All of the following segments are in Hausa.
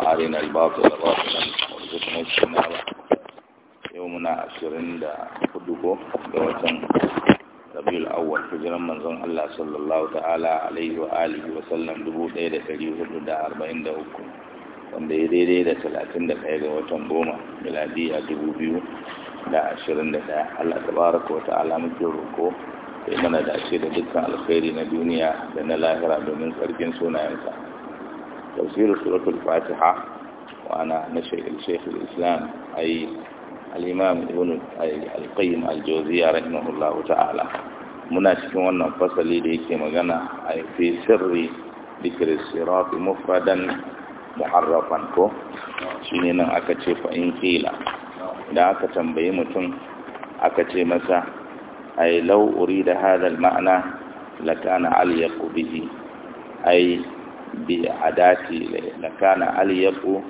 وأرنا muna باطلا وارزقنا اجتنابه يومنا عشرين دا خدوكو دوتن ربيع الأول هجرا من زن الله صلى الله تعالى عليه wanda ya da talatin da ɗaya ga watan goma miladi a dubu biyu da ashirin da ɗaya allah tabaraka mana dace da dukkan alkhairi na duniya da na lahira domin tsarkin sunayensa تفسير سورة الفاتحة وأنا نشر الشيخ الإسلام أي الإمام ابن القيم الجوزية رحمه الله تعالى مناسك وانا فصلي ليك مغانا أي في سر ذكر الصراط مفردا محرفا كو شنينا أكتش فإن قيل da aka tambayi mutum aka ce masa ai lau urida hadha al-ma'na lakana al-yaqbihi ai bi adati da kana aliyaku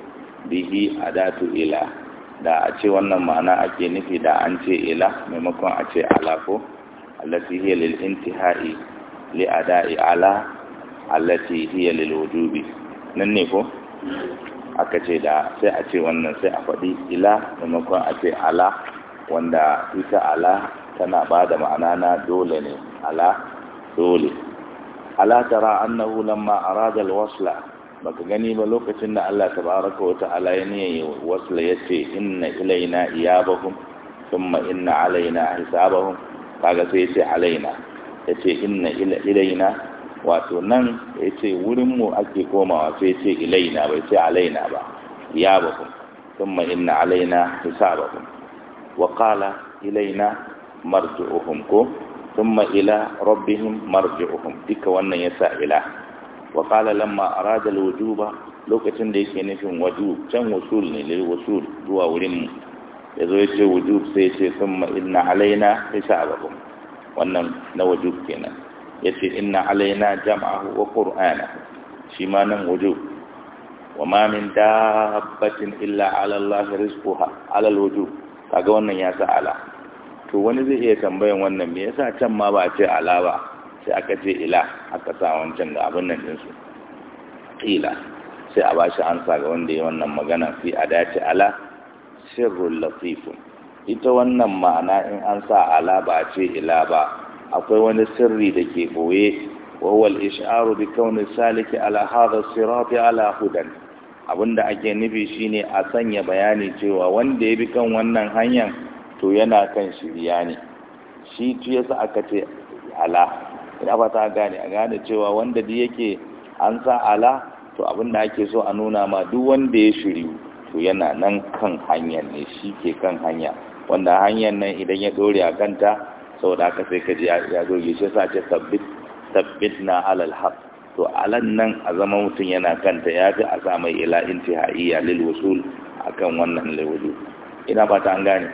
bihi adatu ila da a ce wannan ma'ana ake nufi da an ce ila maimakon a ce alako allati hiya lil intihai li ada'i ala allati hiya lil wujubi nan ne ko aka ce da sai a ce wannan sai a faɗi ila maimakon a ce ala wanda ita ala tana ba da ma'ana na dole ne ala dole ala tara annahu lamma arada alwasla baka gani ba lokacin da Allah tabaraka wa ta'ala ya niyyar wasla yace inna ilaina iyabahum thumma inna alaina hisabahum kaga sai yace alaina yace inna ilaina wato nan yace wurin mu ake komawa sai yace ilaina bai sai alaina ba iyabahum thumma inna alaina hisabahum wa qala ilaina marji'uhum ko thumma ila rabbihim marji'uhum duka wannan yasa ila wa qala lamma arada alwujuba lokacin da yake nufin wajub can wusul ne lil wusul zuwa wurin yazo yace wujub sai yace thumma inna alaina hisabakum wannan na wajub kenan yace inna alaina jam'ahu wa qur'ana shi ma nan wujub dabbatin illa ala allahi rizquha ala alwujub kaga wannan ya sa ala to wani zai iya tambayan wannan me yasa can ma ba ce ala ba sai aka ce ila aka sa wancan ga abin nan ɗinsu ila sai a bashi ansa ga wanda ya wannan magana fi a dace ala sirrul latifun ita wannan ma'ana in an sa ala ba ce ila ba akwai wani sirri da ke boye wawal isharu bi kauni saliki ala hadha sirati ala hudan abinda ake nufi shine a sanya bayani cewa wanda ya bi kan wannan hanyar to yana kan shirya ne shi tu yasa aka ce ala ina ta gane a gane cewa wanda da yake an sa ala to abin da ake so a nuna ma duk wanda ya shiri to yana nan kan hanyar ne shi ke kan hanya wanda hanyar nan idan ya dore a kanta saboda aka sai ka ji ya doge shi sa ce sabbit sabbit na alal haq to alan nan a zama mutum yana kanta ya fi a sa mai ila intihaiya lil wusul akan wannan lil ina ta an gane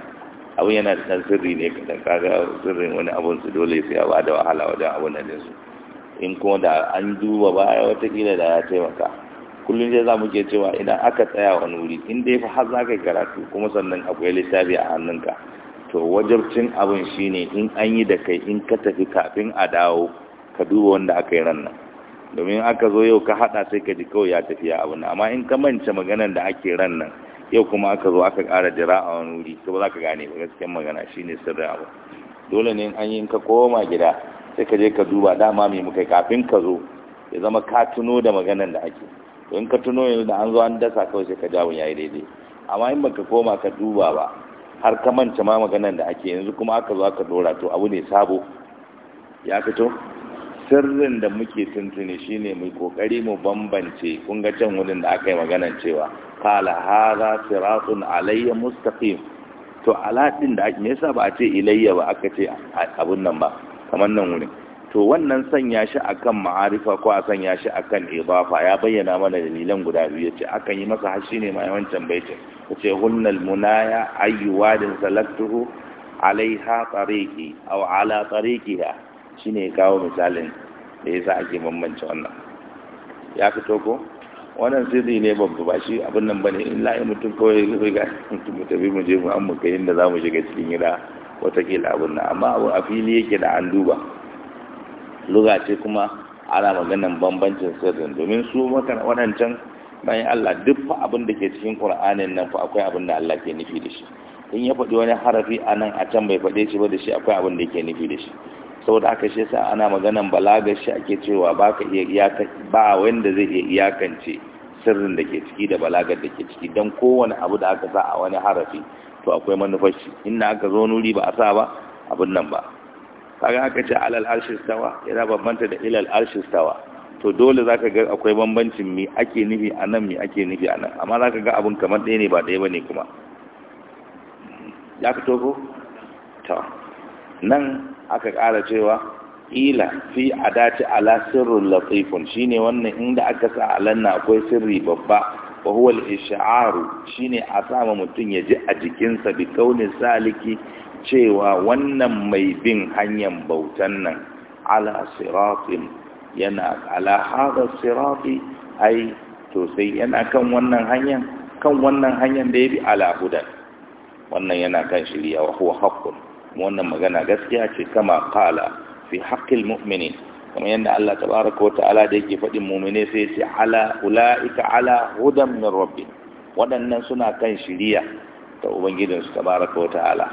abin yana da ɗan sirri ne kaɗan kaga sirrin wani abun su dole sai a ba da wahala wajen abun da su in kuma da an duba baya watakila da ya taimaka kullum sai za mu ke cewa idan aka tsaya wa Nuri, in dai fa har za ka karatu kuma sannan akwai littafi a hannunka to wajabcin abin shine in an yi da kai in ka tafi kafin a dawo ka duba wanda aka yi ran nan domin aka zo yau ka haɗa sai ka ji kawai ya tafiya abin amma in ka mance maganar da ake ran nan yau kuma aka zo aka ƙara jira a wani wuri to ba za ka gane ba gaskiyar magana shi shine a abu dole ne an yi ka koma gida sai ka je ka duba dama mai muka kafin ka zo ya zama ka tuno da maganar da ake in ka tuno yanzu da an zo an dasa kawai sai ka jawo ya yi daidai amma in baka koma ka duba ba har ka manta ma maganan da ake yanzu kuma aka zo aka dora to abu ne sabo ya fito sirrin da muke tuntuni shine mai kokari mu bambance kun ga can wurin da aka yi maganan cewa kala hadha siratun alayya mustaqim to alatin da me yasa ba a ce ilayya ba aka ce abun nan ba kamar nan wurin to wannan sanya shi akan ma'arifa ko a sanya shi akan idafa ya bayyana mana dalilan guda biyu yace akan yi masa hashi ne mai wancan baitin yace hunnal munaya ayyu wadin salaktuhu alaiha tariqi aw ala tariqiha shine ya kawo misalin da ya sa ake bambance wannan ya fito ko wannan sirri ne babba ba shi abin nan bane in la'ayi mutum kawai zai ga mutum tafi mu je mu an muka yin da za mu shiga cikin gida watakila abin nan amma abu a fili yake da an duba luga ce kuma ana maganan bambancin sirrin domin su waɗancan bayan Allah duk fa abin da ke cikin Qur'anin nan fa akwai abin da Allah ke nufi da shi in ya faɗi wani harafi a nan a can bai faɗe shi ba da shi akwai abin da yake nufi da shi saboda aka shi sa ana maganan balaga shi ake cewa ba ka iya iyakance ba wanda zai iya iyakance sirrin da ke ciki da balagar da ke ciki don kowane abu da aka sa a wani harafi to akwai manufar shi inda aka zo nuri ba a sa ba abin nan ba kaga aka ce alal arshis yana bambanta da ilal arshis to dole zaka ga akwai bambancin mi ake nufi a nan mi ake nufi a nan amma zaka ga abun kamar ɗaya ne ba ɗaya ba ne kuma ya ka ko ta nan aka ƙara cewa ƙila fi a dace ala sirrin latifun shine wannan inda aka sa alanna akwai sirri babba wa huwa shi shine a sama mutum ya ji a jikinsa bi kaunin saliki cewa wannan mai bin hanyar bautan nan ala siratin yana ala haɗa sirati ai to sai yana kan wannan hanyar kan wannan hanyar da ya bi ala hudan wannan yana kan shirya wa huwa wannan magana gaskiya ce kama kala fi haqqil mumini kamar yadda Allah tabaraka ta'ala da yake faɗin mu'mine sai ya ce ala ulaika ala hudan min rabbi waɗannan suna kan shiriya ta ubangijinsu tabaraka wa ta'ala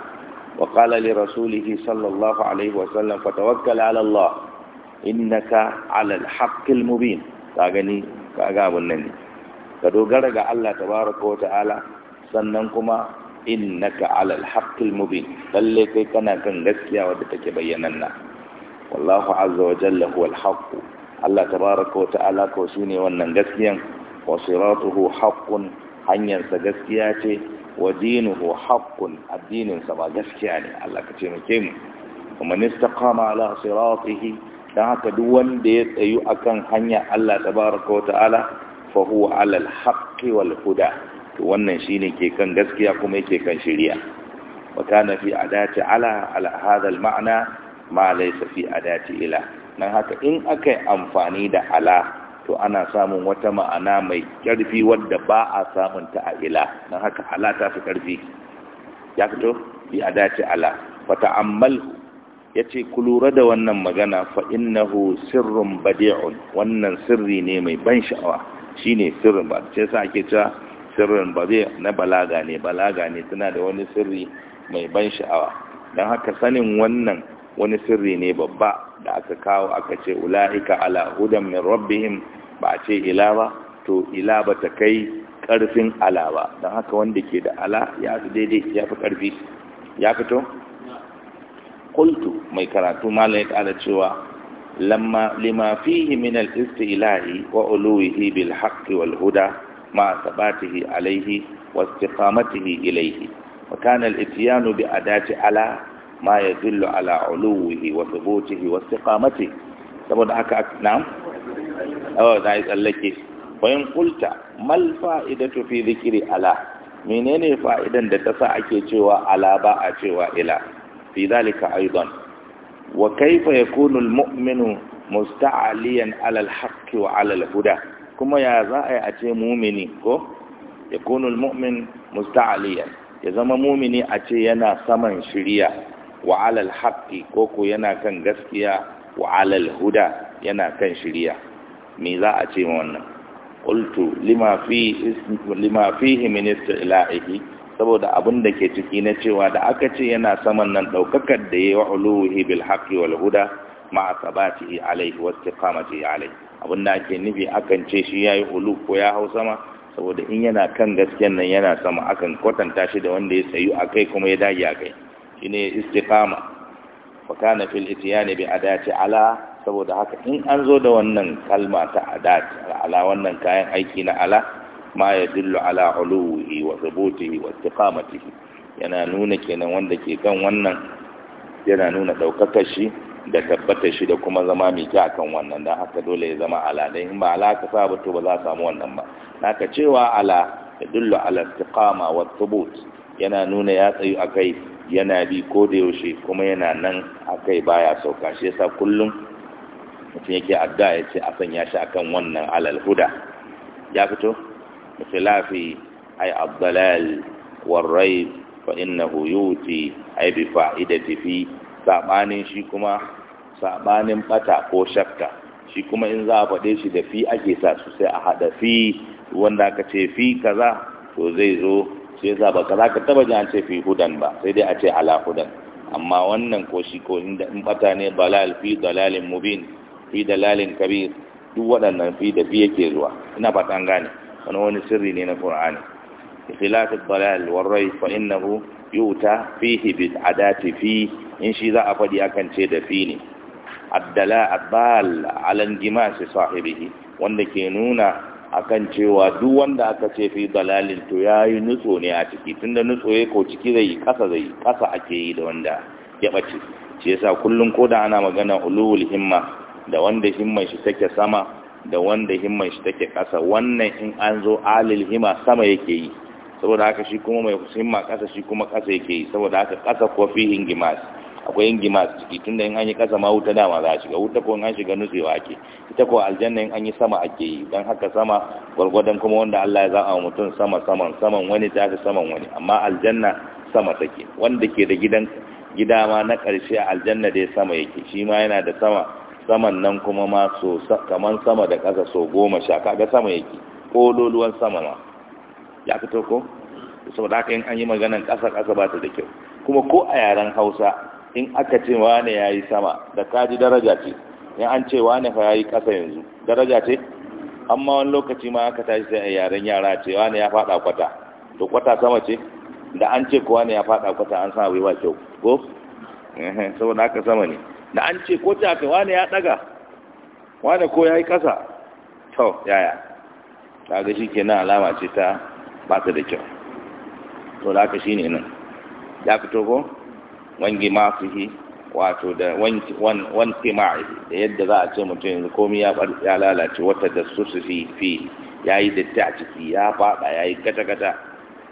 wa qala li rasulihi sallallahu alaihi wa sallam fatawakkal ala Allah innaka ala al-haqqil mubin ka gani ka ga abun nan ka dogara ga Allah tabaraka ta'ala sannan kuma innaka alal alhaqqil mubin lalle kai kana kan gaskiya wadda take bayyananna wallahu azza wa jalla huwal alhaq Allah tabaaraka wa ta'ala ko shine wannan gaskiyan wa siratuhu haqqun hanyar sa gaskiya ce wa dinuhu haqqun addinin sa ba gaskiya ne Allah ka ce muke mu kuma istaqama ala siratihi dan haka duk wanda ya tsayu akan hanya Allah tabaaraka wa ta'ala fa huwa alal alhaqqi wal huda to wannan shi ne ke kan gaskiya kuma yake kan shirya wa kana fi adati ala ala hadha al ma'na ma laysa fi adati ila nan haka in akai amfani da ala to ana samun wata ma'ana mai karfi wadda ba a samun ta a ila nan haka ala ta fi karfi ya fito fi adati ala fa amal ya ce ku lura da wannan magana fa innahu sirrun badi'un wannan sirri ne mai ban sha'awa shine sirrin ba sai sa ake cewa sirrin ba zai na balaga ne balaga ne tana da wani sirri mai ban sha'awa don haka sanin wannan wani sirri ne babba da aka kawo aka ce ula'ika ala hudan min rabbihim ba a ce ila ba to ila ba ta kai karfin ala ba don haka wanda ke da ala ya fi daidai ya fi karfi ya fito kultu mai karatu malam ya kara cewa lamma lima fihi min al-istilahi wa uluwihi bil haqqi wal huda ma'asabatihi alaihi wa istiqamatihi ilaihi wa kana al-ityanu bi adati ala ma yadullu ala uluwihi wa thubutihi wa istiqamatihi saboda haka na'am oh dai tsallake wa in qulta mal fa'idatu fi ala menene fa'idan da tasa ake cewa alaba a cewa ila fi dalika aidan wa kayfa yakunu al-mu'minu musta'aliyan alal al wa ala huda kuma ya za a yi a ce mumini ko ya kunul mu'min musta'aliyan ya zama mumini a ce yana saman shirya wa alal haqqi ko ko yana kan gaskiya wa alal huda yana kan shirya me za a ce ma wannan qultu lima fi lima saboda abin da ke ciki na cewa da aka ce yana saman nan daukakar da yayi wa uluhi bil haqqi wal huda ma'a sabatihi alaihi wa istiqamatihi alaihi abin da ake nufi akan ce shi ya yi ulu ko ya hau sama saboda in yana kan gasken nan yana sama akan kwatanta shi da wanda ya sayu a kai kuma ya dage a kai shi ne istiqama fa kana fil itiyani bi adati ala saboda haka in an zo da wannan kalma ta adat ala wannan kayan aiki na ala ma ya yadullu ala uluhi wa thubutihi wa istiqamatihi yana nuna kenan wanda ke kan wannan yana nuna daukakar shi da tabbatar shi da kuma zama mai kyau akan wannan don haka dole ya zama ala dan in ba ala ka sabu to ba za a samu wannan ba naka cewa ala da dullu ala istiqama wa thubut yana nuna ya tsayu akai yana bi ko da yaushe kuma yana nan akai baya sauka shi yasa kullum mutum yake adda ya ce a sanya shi akan wannan alal huda ya fito khilafi ay abdalal warrai fa innahu yuti ay bi fa'idati fi saɓanin shi kuma saɓanin ɓata ko shakka shi kuma in za a faɗe shi da fi ake sa su sai a haɗa fi wanda aka ce fi kaza to zai zo sai za ba kaza ka taba jan ce fi hudan ba sai dai a ce ala hudan amma wannan ko shi ko inda in ɓata ne balal fi dalalin mubin fi dalalin kabir duk waɗannan fi da fi yake zuwa ina ba gane wani wani sirri ne na qur'ani بخلاف الضلال والري فإنه يؤتى فيه بالعادات فيه إن شذا أفدي أكن شيد فيني الدلاء الضال على انجماس صاحبه وأنك نونا akan cewa duk wanda aka ce fi dalalin to yayi nutso ne a ciki tunda nutso ya ko ciki zai kasa zai kasa ake yi da wanda ya bace shi yasa kullun koda ana magana ulul himma da wanda himman shi take sama da wanda himman shi take kasa wannan in an zo alil hima sama yake yi saboda haka shi kuma mai himma kasa shi kuma kasa yake yi saboda haka kasa ko fi hingimas akwai hingimas ciki tunda in an yi kasa ma wuta dama za a shiga wuta ko in an shiga nutsewa ake ita ko aljanna in an yi sama ake yi don haka sama gwargwadon kuma wanda Allah ya za a mutum sama saman saman wani ta fi saman wani amma aljanna sama take wanda ke da gidan gida ma na ƙarshe a aljanna dai sama yake shi ma yana da sama saman nan kuma ma so kaman sama da ƙasa so goma sha kaga sama yake ko doluwan sama ma ya fito ko saboda haka in an yi maganan ƙasa ƙasa ba ta da kyau kuma ko a yaren hausa in aka ce wane ya yi sama da kaji daraja ce in an ce wane fa ya yi ƙasa yanzu daraja ce amma wani lokaci ma aka tashi sai a yaren yara ce wane ya faɗa kwata to kwata sama ce da an ce kowa ne ya faɗa kwata an sa ba kyau ko saboda haka sama ne da an ce ko ta aka wane ya ɗaga wane ko ya yi ƙasa to yaya ta ga shi kenan alama ce ta ba su da kyau to da haka shine nan ya fito ko wangi yi wato da wanki wan wanki da yadda za a ce mutum yanzu komai ya lalace wata da su fi fi yi datti a ciki ya fada yi gata gata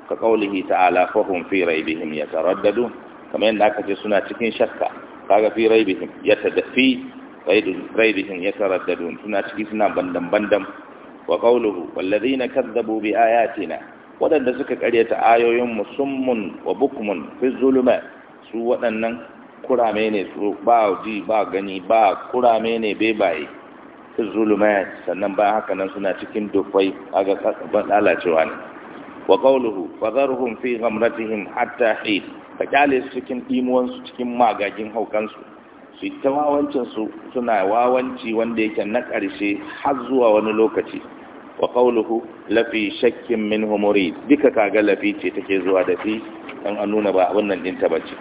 ka kaulihi ta'ala alafahun fi raibihim yataraddadu kamar yadda aka ce suna cikin shakka kaga fi raibihim yatadafi raibihim yataraddadun suna ciki suna bandan bandan wa qawluhu wallazina kazzabu bi ayatina waɗanda suka karyata ayoyin musummun wa bukumun fi zuluma su waɗannan kurame ne su ba ji ba gani ba kurame ne bebaye fi zuluma sannan ba haka nan suna cikin dufai a ga lalacewa ne wa qawluhu fadharhum fi ghamratihim hatta hin ka kyale su cikin imuwansu cikin magagin haukansu su ta wawancin suna wawanci wanda yake na ƙarshe har zuwa wani lokaci wa qawluhu lafi shakkin minhu murid duka kaga lafi ce take zuwa da fi dan an nuna ba abin nan ta bace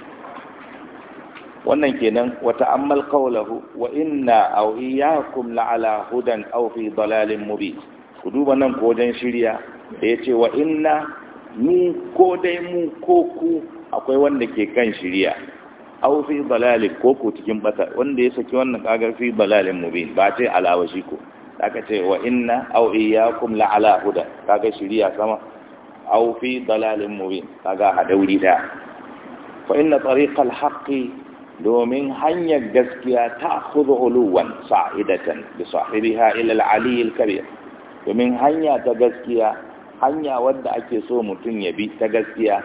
wannan kenan wa ta'ammal qawluhu wa inna aw iyyakum la'ala hudan aw fi dalalin mubin ku duba nan ko wajen shirya da yace wa inna mu ko dai mu ko ku akwai wanda ke kan shirya aw fi dalalin ko ku cikin bata wanda ya saki wannan kagar fi dalalin mubin ba ce alawashi ko aka ce wa inna aw iyyakum la ala huda kaga shiriya sama aw fi dalalin mubin kaga hadauri da fa inna tariqal haqqi domin hanyar gaskiya ta khudhu uluwan sa'idatan bi sahibiha ila al-ali al-kabir domin hanya ta gaskiya hanya wanda ake so mutum ya bi ta gaskiya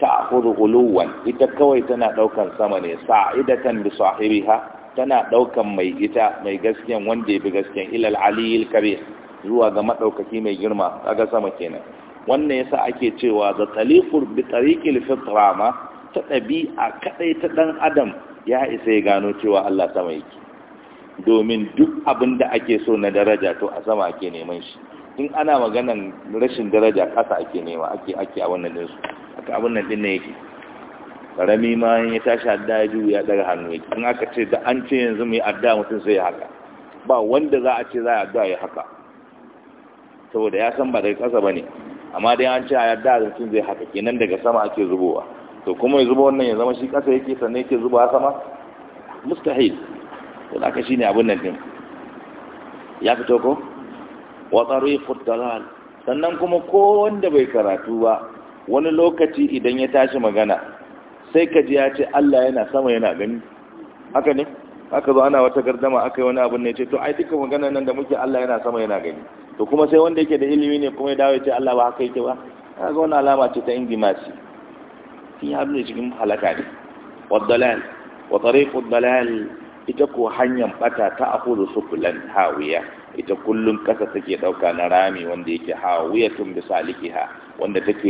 ta khudhu uluwan ita kawai tana daukan sama ne sa'idatan bi sahibiha tana ɗaukan mai ita mai gaskiyan wanda ya bi gaskiyan ilal aliyil kabir zuwa ga maɗaukaki mai girma kaga sama kenan wannan yasa ake cewa da taliqul bi tariqil fitra ma ta ɗabi'a kaɗai ta ɗan adam ya isa ya gano cewa Allah sama yake domin duk abinda da ake so na daraja to a sama ake neman shi in ana maganan rashin daraja kasa ake nema ake ake a wannan din su aka abin nan din ne yake karami ma ya tashi adda ya juya daga hannu Kuma aka ce da an ce yanzu mai adda mutum sai ya haka ba wanda za a ce za a adda ya haka saboda ya san ba daga ƙasa ba ne amma dai an ce a yadda da mutum zai haka kenan daga sama ake zubowa to kuma ya zuba wannan ya zama shi ƙasa yake sannan yake zuba sama mustahil to da shi ne abin nan din ya fito ko wa tariqut dalal sannan kuma ko wanda bai karatu ba wani lokaci idan ya tashi magana sai ka ji ya ce Allah yana sama yana gani haka ne aka zo ana wata gardama aka yi wani abin ne ce to ai duka magana nan da muke Allah yana sama yana gani to kuma sai wanda yake da ilimi ne kuma ya dawo ya ce Allah ba haka yake ba ga wannan alama ce ta ingimasi shi yi da cikin halaka ne waddalal wa tariqud dalal ita ko hanyar bata ta akhudhu sukulan hawiya ita kullum kasa take dauka na rami wanda yake hawiyatun bisalikiha wanda take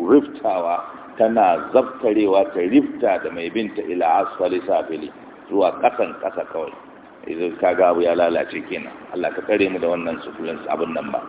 riftawa tana zabtarewa ta rifta da mai binta ila asfali safili zuwa kasan kasa kawai idan ka ga abu ya lalace kenan Allah ka kare mu da wannan sufulin abin nan ba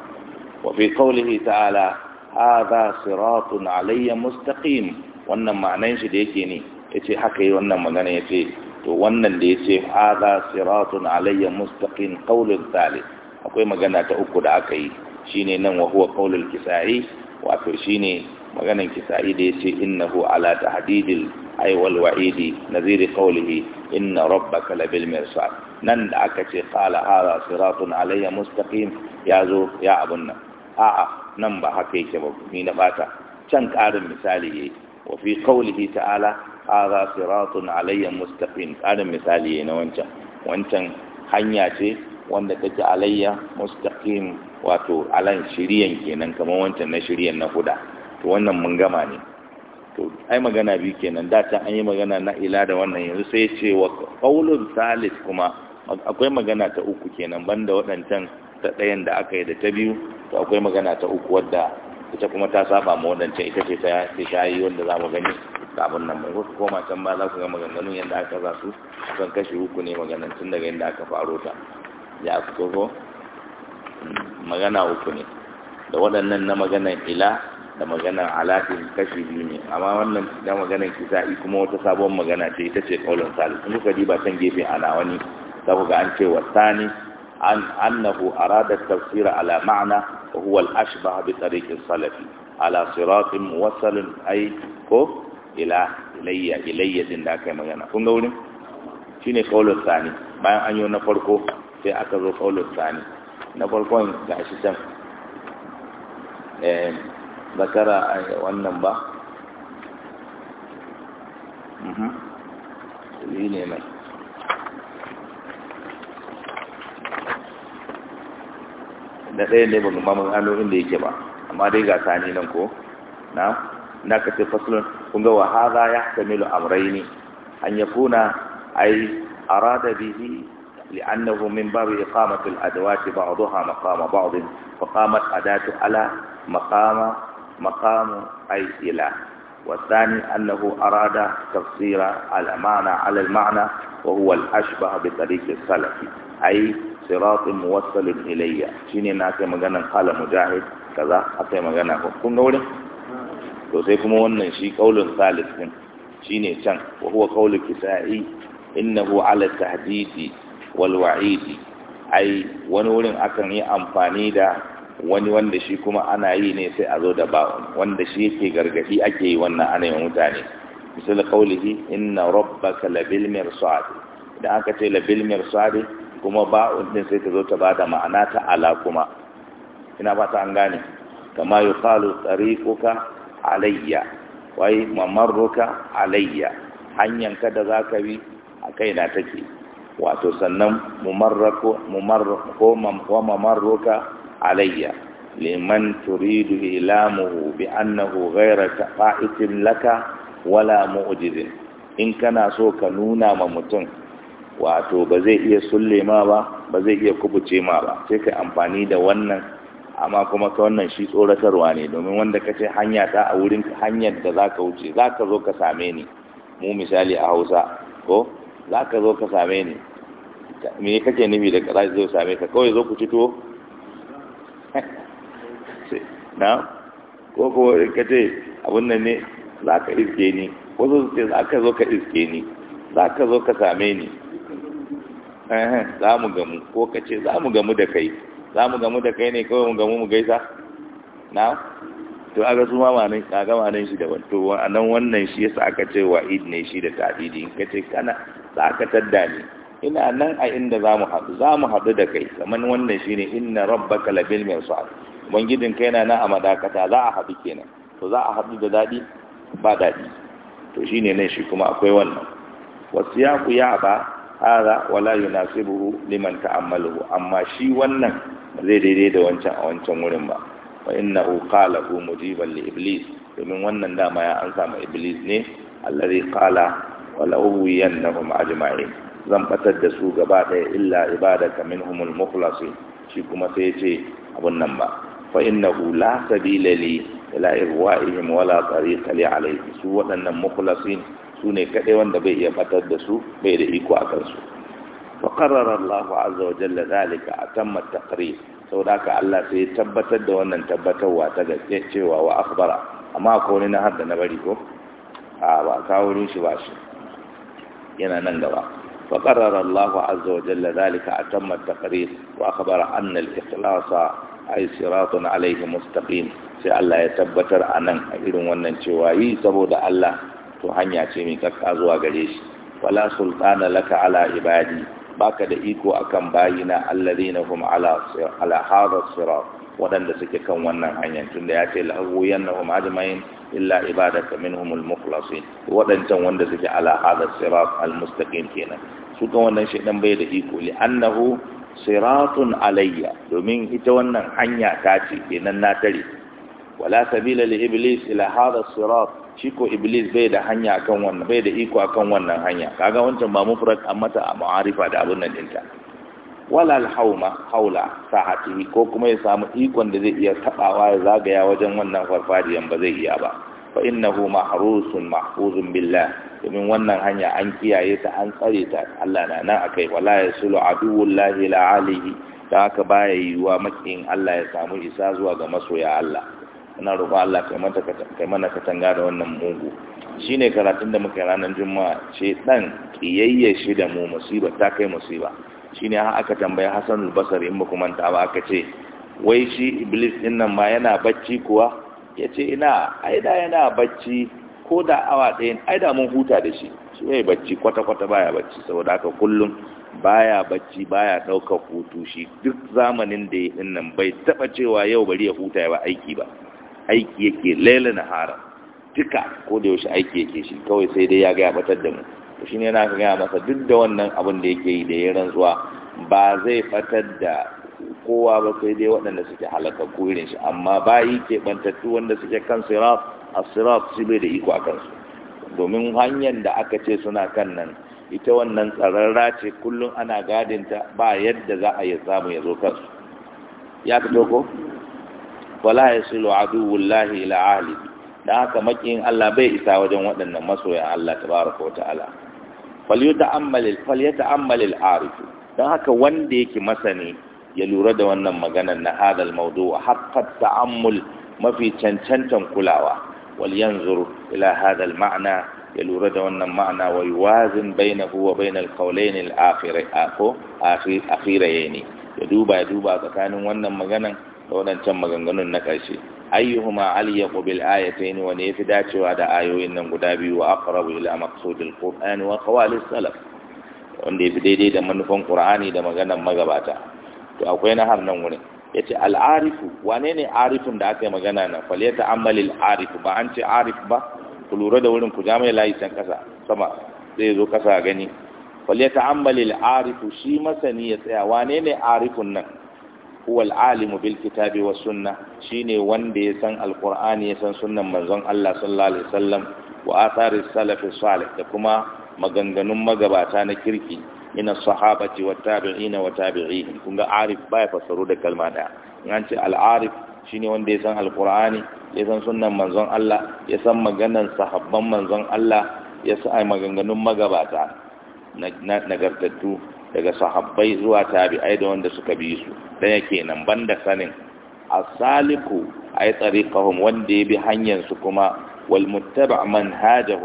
wa fi qawlihi ta'ala hadha siratun alayya mustaqim wannan ma'anar shi da yake ne yace haka yi wannan magana yace to wannan da yace hadha siratun alayya mustaqim qawlun thalith akwai magana ta uku da aka yi shine nan wa huwa qawlul kisai wato shine maganan kisa'i da yace innahu ala tahdidil ay wal wa'idi nazir qawlihi inna rabbaka labil mirsad nan da aka ce qala hadha siratun alayya mustaqim zo ya abun nan a'a nan ba haka yake ba ni na bata can karin misali yayi wa fi qawlihi ta'ala hadha siratun alayya mustaqim karin misali yayi na wancan wancan hanya ce wanda take alayya mustaqim wato alan shiriyan kenan kamar wancan na shiriyan na huda to wannan mun gama ne to ai magana biyu kenan da ta an yi magana na ila da wannan yanzu sai ce wa qaulun salis kuma akwai magana ta uku kenan banda waɗancan ta ɗayan da aka yi da ta biyu to akwai magana ta uku wadda ita kuma ta saba ma waɗancan ita ce ta yi wanda za mu gani kafin nan mai wasu koma can ba za ku ga maganganun yadda aka za su kan kashe uku ne maganan tun daga yadda aka faro ta ya ku ko hmm, magana uku ne da waɗannan na maganan ila da magana alaƙin kashi biyu ne amma wannan da maganar kisa kuma wata sabon magana ce ita ce kaulin salis in kuka diba can gefe ana wani za ku ga an ce wasani an annahu arada tafsira ala ma'ana wa huwa al-ashbah bi tariqin salafi ala siratin muwassalin ay ko ila ilayya ilayya din da aka yi magana kun ga wurin shine kaulin sani bayan an yi na farko sai aka zo kaulin sani na farkon gashi can zakara a wannan ba yi mhm. ne mai na ɗaya ne ba mu mamun hannu inda yake ba amma dai ga sani nan ko na na ka fasulun kun wa haza ya kamilu an ya kuna ai arada bihi لأنه a باب إقامة الأدوات بعضها مقام بعض فقامت أداة على مقام مقام أي إله والثاني أنه أراد تفسير المعنى على المعنى وهو الأشبه بطريق السلف أي صراط موصل إلي شيني ناكي مغانا قال مجاهد كذا أكي مغانا كن دولي to sai kuma wannan shi kaulin salis din shine can wa huwa qaulu kisa'i innahu ala tahdidi wal wa'idi ai wani wurin akan yi amfani da wani wanda shi kuma ana yi ne sai a zo da ba wanda shi yake gargadi ake yi wannan ana yin mutane misal qawlihi inna rabbaka labil mirsad idan aka ce labil mirsad kuma ba'un din sai ta zo ta bada ma'ana ta ala kuma ina ba ta an gane kama yuqalu tariquka alayya wai mamarruka alayya ka da zaka bi a kaina take wato sannan mumarrako mumarrako wa mamarruka alayya liman turidu ilamuhu bi annahu ghayra ta'itin laka wala mu'jizin in kana so ka nuna ma mutum wato ba zai iya sulle ma ba ba zai iya kubuce ma ba sai ka amfani da wannan amma kuma ka wannan shi tsoratarwa ne domin wanda ka ce hanya ta a wurin hanyar da za ka wuce za ka zo ka same ni mu misali a hausa ko za ka zo ka same ni me kake nufi da ka zo same ka kawai zo ku ci tuwo na ko ko ka ce abin nan ne za ka iske ni wasu zo ce za ka zo ka iske ni za ka zo ka same ni za mu gamu ko ka ce za mu gamu da kai za mu gamu da kai ne kawai mu gamu mu gaisa na to ga su ma manin kaga manin shi wato a anan wannan shi yasa aka ce wa'id ne shi da ta'didi in ka ce kana za ka tadda ni ina nan a inda za mu haɗu za mu haɗu da kai kamar wannan shi ne inna rabbaka labil mirsad ubangijin kai na na a madakata za a haɗu kenan to za a haɗu da daɗi ba daɗi to shi ne nan shi kuma akwai wannan wasu ya ku ya ba hada wala liman ta'ammaluhu amma shi wannan zai daidai da wancan a wancan wurin ba wa innahu qala hu mujiban li iblis domin wannan dama ya ansa ma iblis ne allazi qala wala uwiyannahum ajma'in zan batar da su gaba ɗaya illa ibadaka humul mukhlasin shi kuma sai ce abun nan ba fa innahu la sabila li ila irwa'ihim wala tariqa li alayhi su waɗannan mukhlasin su ne kaɗai wanda bai iya batar da su bai da iko a kansu fa qarrara Allah azza wa jalla zalika atamma taqrir saboda haka Allah sai ya tabbatar da wannan tabbatarwa ta gaske cewa wa akhbara amma ko ne na har da na bari ko a ba kawo shi ba shi yana nan gaba فقرر الله عز وجل ذلك أتم التقرير وأخبر أن الإخلاص أي صراط عليه مستقيم sai Allah ya tabbatar a nan a irin wannan cewa yi saboda Allah to hanya ce mai kakka zuwa gare shi wala sultana laka ala ibadi baka da iko akan bayina allazina hum ala ala hadha sirat waɗanda suke kan wannan hanyar tunda ya ce lahu yannahum ajma'in illa ibadaka minhumul mukhlasin waɗancan wanda suke ala hadha sirat al mustaqim kenan su kan wannan shedan bai da iko li annahu siratun alayya domin ita wannan hanya ta ce kenan na tare wala sabila li iblis ila hadha sirat shi ko iblis bai da hanya wannan bai da iko akan wannan hanya kaga wancan ba mufrad amma ta ma'arifa da abun nan dinta walal alhauma haula sa'atihi ko kuma ya samu ikon da zai iya tabawa ya zagaya wajen wannan farfadiyan ba zai iya ba fa innahu mahrusun mahfuzun billah domin wannan hanya an kiyaye ta an tsare ta Allah na nan akai wala yasulu lahi la alihi da haka baya yiwuwa makin Allah ya samu isa zuwa ga masoya Allah ina roƙo Allah kai mana katanga da wannan mugu shine karatun da muka ranar juma'a ce dan kiyayye shi da mu musiba ta kai musiba shine aka tambaya Hassan al-Basri in baku ba aka ce wai shi Iblis din nan ma yana bacci kuwa yace ina ai da yana bacci ko da awa ɗayan ai da mun huta da shi shi bai bacci kwata kwata baya bacci saboda haka kullum baya bacci baya ɗaukar hutu shi duk zamanin da ya nan bai taɓa cewa yau bari ya huta ya ba aiki ba aiki yake laila haram duka ko da yaushe aiki yake shi kawai sai dai ya ga ya batar da mu shi ne na gaya masa duk da wannan abin da yake yi da ya rantsuwa ba zai fatar da kowa ba sai dai waɗanda suke halaka irin shi amma bayi ke bantattu wanda suke kan siraf a siraf su bai da iko a kansu domin hanyar da aka ce suna kan nan ita wannan tsararra ce kullum ana gadinta ba yadda za a yi samu ya zo kansu ya fito ko wala ya silo aduwullahi ila ahli da haka makin Allah bai isa wajen waɗannan masoyan Allah tabaraka wa ta'ala falyata'ammal al-arif dan haka wanda yake masani ya lura da wannan maganar na hadal mawdu' haqqat ta'ammul mafi cancantan kulawa wal yanzur ila hadal ma'na ya lura da wannan ma'ana wa yuwazin bainahu wa bainal qawlayn al-akhirayn ya duba ya duba tsakanin wannan maganar da wadancan maganganun na ƙarshe ayyuhuma aliyaku bil ayatayn wa ne yafi dacewa da ayoyin nan guda biyu wa aqrabu ila maqsudil qur'an wa qawalis salaf wanda yafi daidai da manufan qur'ani da maganan magabata to akwai na har nan wurin yace al arifu wane ne arifin da aka yi magana na fal yata'ammalil arifu ba an ce arif ba ku lura da wurin ku ja mai layi can kasa sama zai zo kasa gani fal yata'ammalil arifu shi masani ya tsaya wane ne arifun nan huwal alimu bil kitabi was sunna shine wanda ya san alqur'ani ya san sunnan manzon Allah sallallahu alaihi wasallam wa athari salafi salih da kuma maganganun magabata na kirki min as-sahabati wat tabi'ina wa tabi'in kun ga arif baya fasaru da kalma daya an ce al shine wanda ya san alqur'ani ya san sunnan manzon Allah ya san maganan sahabban manzon Allah ya san maganganun magabata nagartattu daga sahabbai zuwa tabi'ai da wanda suka bi su dan yake nan banda sanin asaliku ay tariqahum wanda ya bi hanyar su kuma wal muttaba da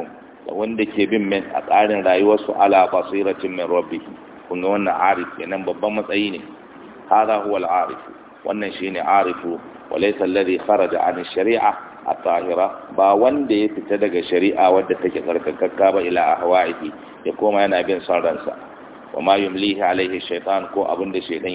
wanda ke bin min a tsarin rayuwar su ala basiratin min rabbih kun ga wannan arif kenan babban matsayi ne hada huwa al arif wannan shine arifu walaysa alladhi kharaja an shari'a a tahira ba wanda ya fita daga shari'a wadda take karkakakka ba ila ahwa'ihi ya koma yana bin son ransa wa ma yumlihi alaihi shaitan ko abin da shaitan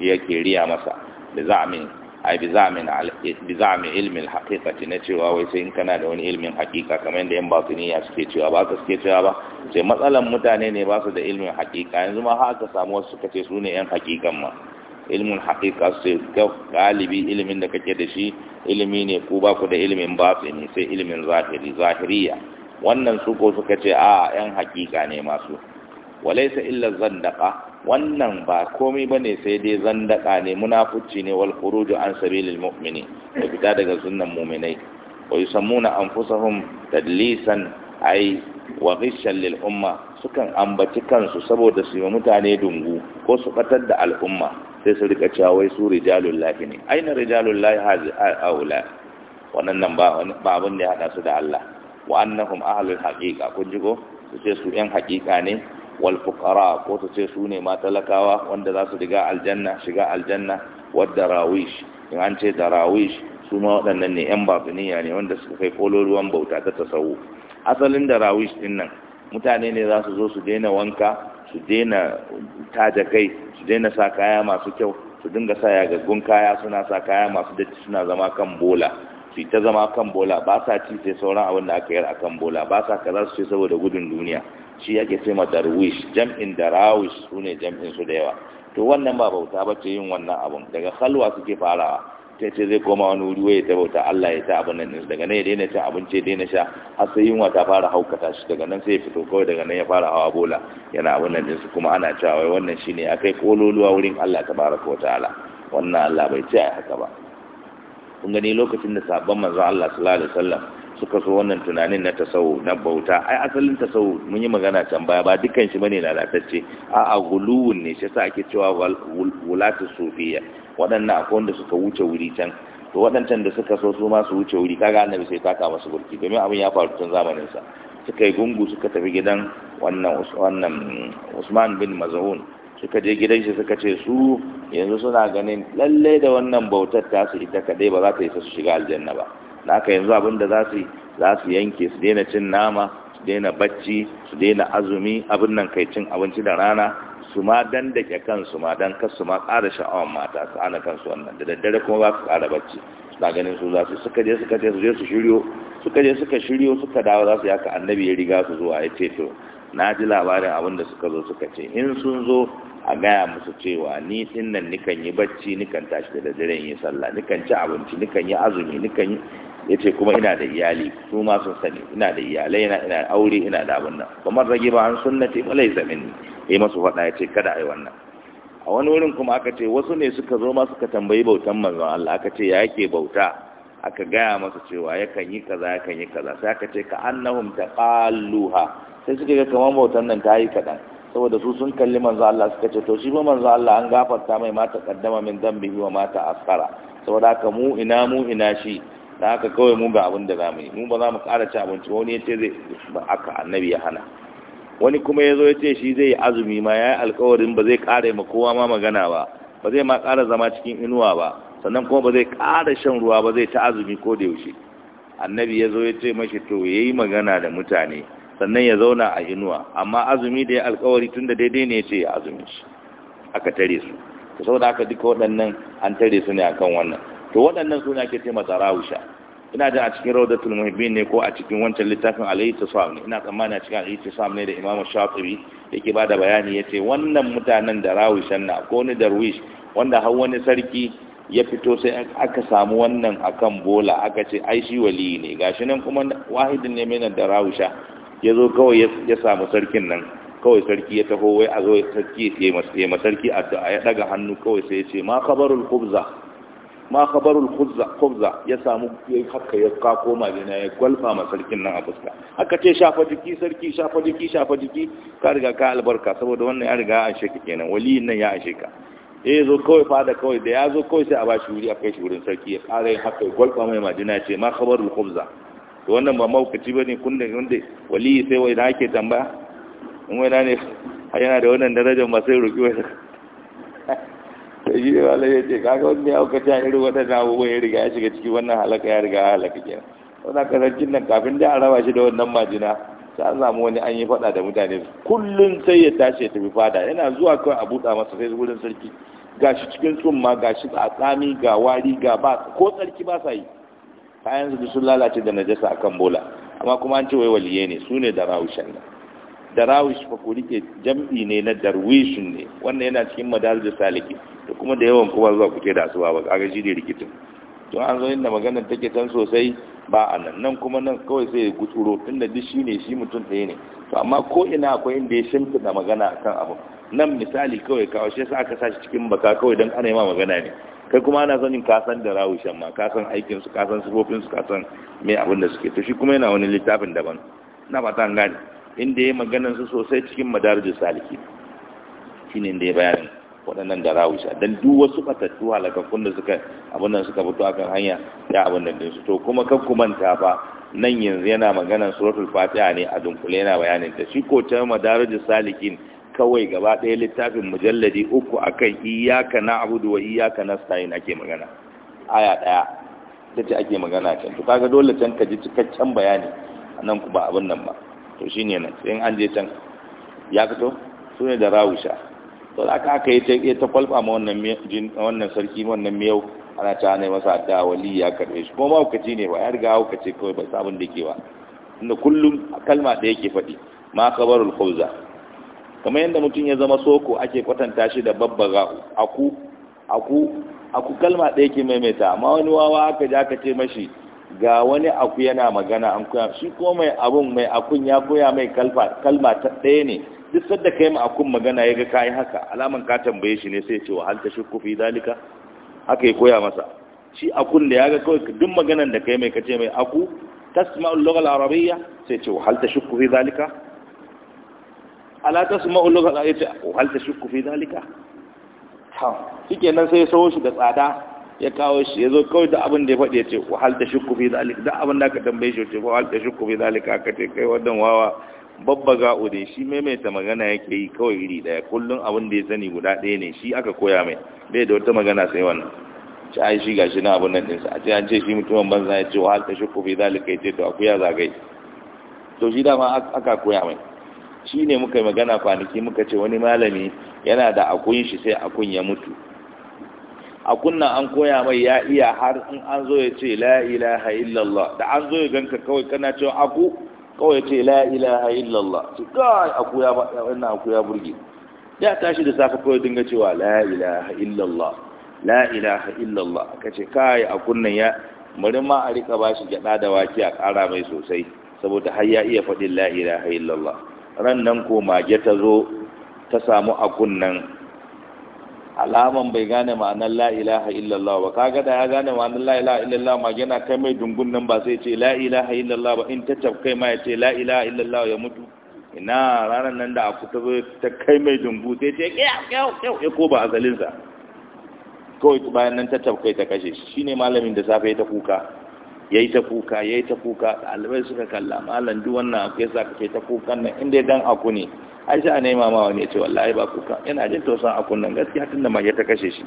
yake riya masa da za'min ai bi za'min bi ilmin haqiqati na cewa wai sai in kana da wani ilmin hakika kamar yadda yan batiniya suke cewa ba su suke cewa ba sai matsalan mutane ne ba su da ilmin hakika yanzu ma haka samu wasu suka ce su ne yan hakikan ma ilmin haqiqa sai galibi ilmin da kake da shi ilmi ne ku ba ku da ilmin batini sai ilmin zahiri zahiriya wannan su ko suka ce a yan hakika ne masu walaisa illa zandaka wannan ba komai bane sai dai zandaka ne munafuci ne wal khuruju an sabilil mu'mini da fita daga sunnan mu'minai wa yusammuna anfusahum tadlisan ay wa ghishan lil umma sukan ambaci kansu saboda su yi mutane dungu ko su batar da al'umma sai su rika cewa wai su rijalul lahi ne aina rijalul lahi hazi aula wannan nan ba ba abin da ya hada su da Allah wa annahum ahlul haqiqa kun ji ko su ce su yan haqiqa ne wal fuqara ko ta ce su ne ma talakawa wanda za su riga aljanna shiga aljanna wadda rawish in an ce da rawish su ma waɗannan ne yan batiniya ne wanda suka kai kololuwan bauta ta tasawu asalin da rawish din nan mutane ne za su zo su daina wanka su daina taja kai su daina sa kaya masu kyau su dinga sa yagaggun kaya suna sa kaya masu datti suna zama kan bola su ta zama kan bola ba sa ci sai sauran abin da aka yar akan bola ba sa kaza su ce saboda gudun duniya shi yake sai darwish jam'in darawish su ne jam'in su da yawa to wannan ba bauta ba ce yin wannan abun daga halwa suke farawa ta ce zai koma wani wuri waye ta bauta Allah ya ta abin nan daga nan ya daina cin abinci daina sha har sai yunwa ta fara haukata shi daga nan sai ya fito kawai daga nan ya fara hawa bola yana abin nan su, kuma ana cewa wai wannan shine akai kololuwa wurin Allah tabaraka wa ta'ala wannan Allah bai ce haka ba kun gani lokacin da sabon manzo Allah sallallahu alaihi wasallam suka so wannan tunanin na tasawu na bauta ai asalin tasawu mun yi magana can baya ba dukkan shi bane lalatacce a a guluwun ne shi yasa ake cewa wulatu sufiya waɗannan akwai wanda suka wuce wuri can to waɗancan da suka so su ma su wuce wuri kaga annabi sai taka masu gurki domin abin ya faru tun zamanin sa suka yi gungu suka tafi gidan wannan wannan Usman bin Maz'un suka je gidan shi suka ce su yanzu suna ganin lalle da wannan bautar ta su ita kadai ba za ta isa su shiga aljanna ba da aka yanzu abin da za su za su yanke su daina cin nama su daina bacci su daina azumi abin nan kai cin abinci da rana su ma dan dake kansu ma dan kasu ma ƙara sha'awan mata su ana kansu wannan da daddare kuma za su ƙara bacci suna ganin su za su suka je suka ce su je su shiryo suka je suka shiryo suka dawo za su yaka annabi ya riga su zuwa ya ce to na ji labarin abin da suka zo suka ce in sun zo a gaya musu cewa ni din nan nikan yi bacci nikan tashi da daren yi sallah nikan ci abinci nikan yi azumi nikan yi ya ce kuma ina da iyali su ma sun sani ina da iyalai ina aure ina da abin nan kuma rage ba an sunnati malai zamin ya masu faɗa ya ce kada a yi wannan a wani wurin kuma aka ce wasu ne suka zo ma suka tambayi bautan manzon Allah aka ce ya ke bauta aka gaya masa cewa yakan yi kaza yakan yi kaza sai aka ce ka annahum taqalluha sai suka ga kamar bautan nan ta yi kadan saboda su sun kalli manzo Allah suka ce to shi ba manzo Allah an gafarta mai ma kaddama min dambihi wa ma ta saboda haka mu ina mu ina shi da haka kawai mun ga abin da za mu yi mun ba za mu ƙara ci abinci wani ya ce zai ba aka annabi ya hana wani kuma ya zo ya ce shi zai yi azumi ma ya yi alkawarin ba zai ƙara ma kowa ma magana ba ba zai ma ƙara zama cikin inuwa ba sannan kuma ba zai ƙara shan ruwa ba zai ta azumi ko da yaushe annabi ya zo ya ce mashi to ya yi magana da mutane sannan ya zauna a inuwa amma azumi da ya alkawari tun da daidai ne ya ce ya azumi shi aka tare su saboda haka duka waɗannan an tare su ne akan wannan to waɗannan suna ke ce masa rawusha ina jin a cikin rawdatul muhibbin ne ko a cikin wancan littafin ta ittisam ne ina tsammani a cikin ta ittisam ne da imamu shafi'i yake ba da bayani Ya ce wannan mutanen da rawishan na ko ni darwish wanda har wani sarki ya fito sai aka samu wannan akan bola aka ce ai shi wali ne gashi nan kuma wahidin ne mai da rawusha ya zo kawai ya samu sarkin nan kawai sarki ya taho wai a zo sarki ya yi masarki addu'a ya daga hannu kawai sai ya ce ma kabarul kubza ma khabarul khubza ya samu ya haka ya kako dina ya gwalfa ma sarkin nan a fuska aka ce shafa jiki sarki shafa jiki shafa jiki ka riga ka albarka saboda wannan ya riga an sheka kenan wali nan ya ashe ka eh zo kawai fada kawai da ya zo kawai sai a bashi wuri a kai shi wurin sarki ya kare yin haka ya gwalfa mai majina ya ce ma khabarul khubza to wannan ba maukaci bane kunne wanda wali sai wai da ake tambaya in wai na ne yana da wannan darajar sai roƙi wai shi ne wala ya ce kaga wani ya auka a irin waɗannan abubuwan ya riga ya shiga ciki wannan halaka ya riga halaka kenan wannan kasancin nan kafin da a raba shi da wannan majina sai an samu wani an yi faɗa da mutane kullum sai ya tashi ya tafi fada yana zuwa kawai a buɗa masa sai wurin sarki gashi cikin tsumma gashi a tsami ga wari ga ba ko sarki ba sa yi kayan su sun lalace da najasa akan bola amma kuma an ce wai waliye ne su ne da rahushan nan darawish fa ko rike jam'i ne na darwishin ne wannan yana cikin madarijus saliki to kuma da yawan kuma zuwa kuke da su ba kaga shi ne rikicin to an zo inda maganar take tan sosai ba a nan nan kuma nan kawai sai gutsuro tunda duk shi ne shi mutum ɗaya ne to amma ko ina akwai inda ya da magana akan abu nan misali kawai kawai shi yasa aka sashi cikin baka kawai don ana yi ma magana ne kai kuma ana sanin kasan da rawushan ma kasan aikin su kasan sufofin su ka san me abin da suke to shi kuma yana wani littafin daban na ba ta gane inda ya maganan su sosai cikin madarajar saliki ne inda ya bayani waɗannan da rawusha dan duk wasu fatattu halakakun da suka abin suka fito akan hanya ya abin din su to kuma kan kumanta fa nan yanzu yana maganan suratul fatiha ne a dunkule yana bayanin ta shi ko ta madarajar salikin kawai gaba ɗaya littafin mujalladi uku akan iyaka na abudu wa iyaka na sa'in ake magana aya ɗaya ta ce ake magana can to kaga dole can ka ji cikakken bayani nan ku ba abin nan ba to shi ne nan sai an je can ya fito su ne da rawusha to da aka aka yi ta kwalba ma wannan sarki wannan miyau ana ta ne masa da wali ya karbe shi kuma mahaukaci ne ba ya riga haukace kawai ba sabon da ke ba inda kullum kalma da ke faɗi ma kabarul hauza kamar yadda mutum ya zama soko ake kwatanta shi da babbaga aku aku aku kalma da ke maimaita amma wani wawa aka ji aka ce mashi ga wani aku yana magana an koya shi ko mai abun mai akun ya koya mai kalma ta ɗaya ne duk sadda kai ma akun magana ya ga yi haka alaman ka tambaye shi ne sai ce wa hal ta shukku fi dalika haka ya koya masa shi akun da ya ga kawai duk maganan da kai mai kace mai aku tasma'ul lugha al-arabiyya sai ce wa hal ta shukku fi dalika ala tasma'ul lugha al-arabiyya hal ta shukku fi dalika ha kenan sai ya sawo shi da tsada ya kawo shi ya zo kawai da abin da ya faɗi ya ce wahal da shukku fi zalika da abin da aka tambaye shi ce wahal da shukku fi zalika aka ce kai wannan wawa babba ga ude shi maimaita magana yake yi kawai iri daya kullum abin da ya sani guda ɗaya ne shi aka koya mai bai da wata magana sai wannan ci ai shi gashi na abin nan ɗinsa a ce an ce shi mutumin banza ya ce wahal da shukku fi zalika ya ce to akuya zagai to shi dama aka koya mai shi ne muka yi magana kwanaki muka ce wani malami yana da akuyin shi sai akun ya mutu a kunna an koya mai ya iya har in an zo ya ce la ilaha illallah da an zo ya ganka kawai kana cewa aku kawai ce la ilaha illallah su kawai aku ya wannan aku ya burge ya tashi da safe kawai dinga cewa la ilaha illallah la ilaha illallah aka ce kai a kunnan ya bari ma a rika bashi gyada da wake a kara mai sosai saboda har ya iya faɗin la ilaha illallah ran nan ko mage ta zo ta samu a kunnan alaman bai gane ma'anar la ilaha illallah ba kaga da ya gane ma'anar la ilaha illallah ma yana kai mai dungun nan ba sai ce la ilaha illallah ba in ta kai ma ya ce la ilaha illallah ya mutu ina ranar nan da aku ta ta kai mai dungu sai ce kyau kyau kyau ya ko ba azalinsa kawai bayan nan ta kai ta kashe shi shine malamin da safe ta kuka ya yi ta kuka ya yi ta kuka ɗalibai suka kalla malam duk wannan abu ya sa ta kukan nan inda dan aku ne ai sai a nema ma wani ya ce wallahi ba kuka yana jin tausan akun nan gaskiya tun da mage ta kashe shi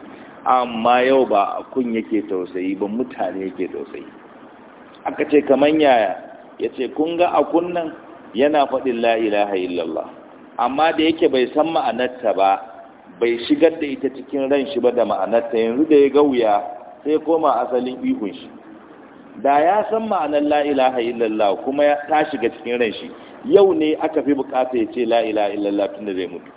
amma yau ba akun yake tausayi ba mutane yake tausayi aka ce kaman yaya ya ce kun ga akun nan yana faɗin la ilaha illallah amma da yake bai san ma'anarta ba bai shigar da ita cikin ran shi ba da ma'anarta yanzu da ya ga wuya sai koma asalin ihun shi da ya san ma'anar la illallah kuma ta shiga cikin ran shi yau ne aka fi bukata ya ce la tun tunda zai mutu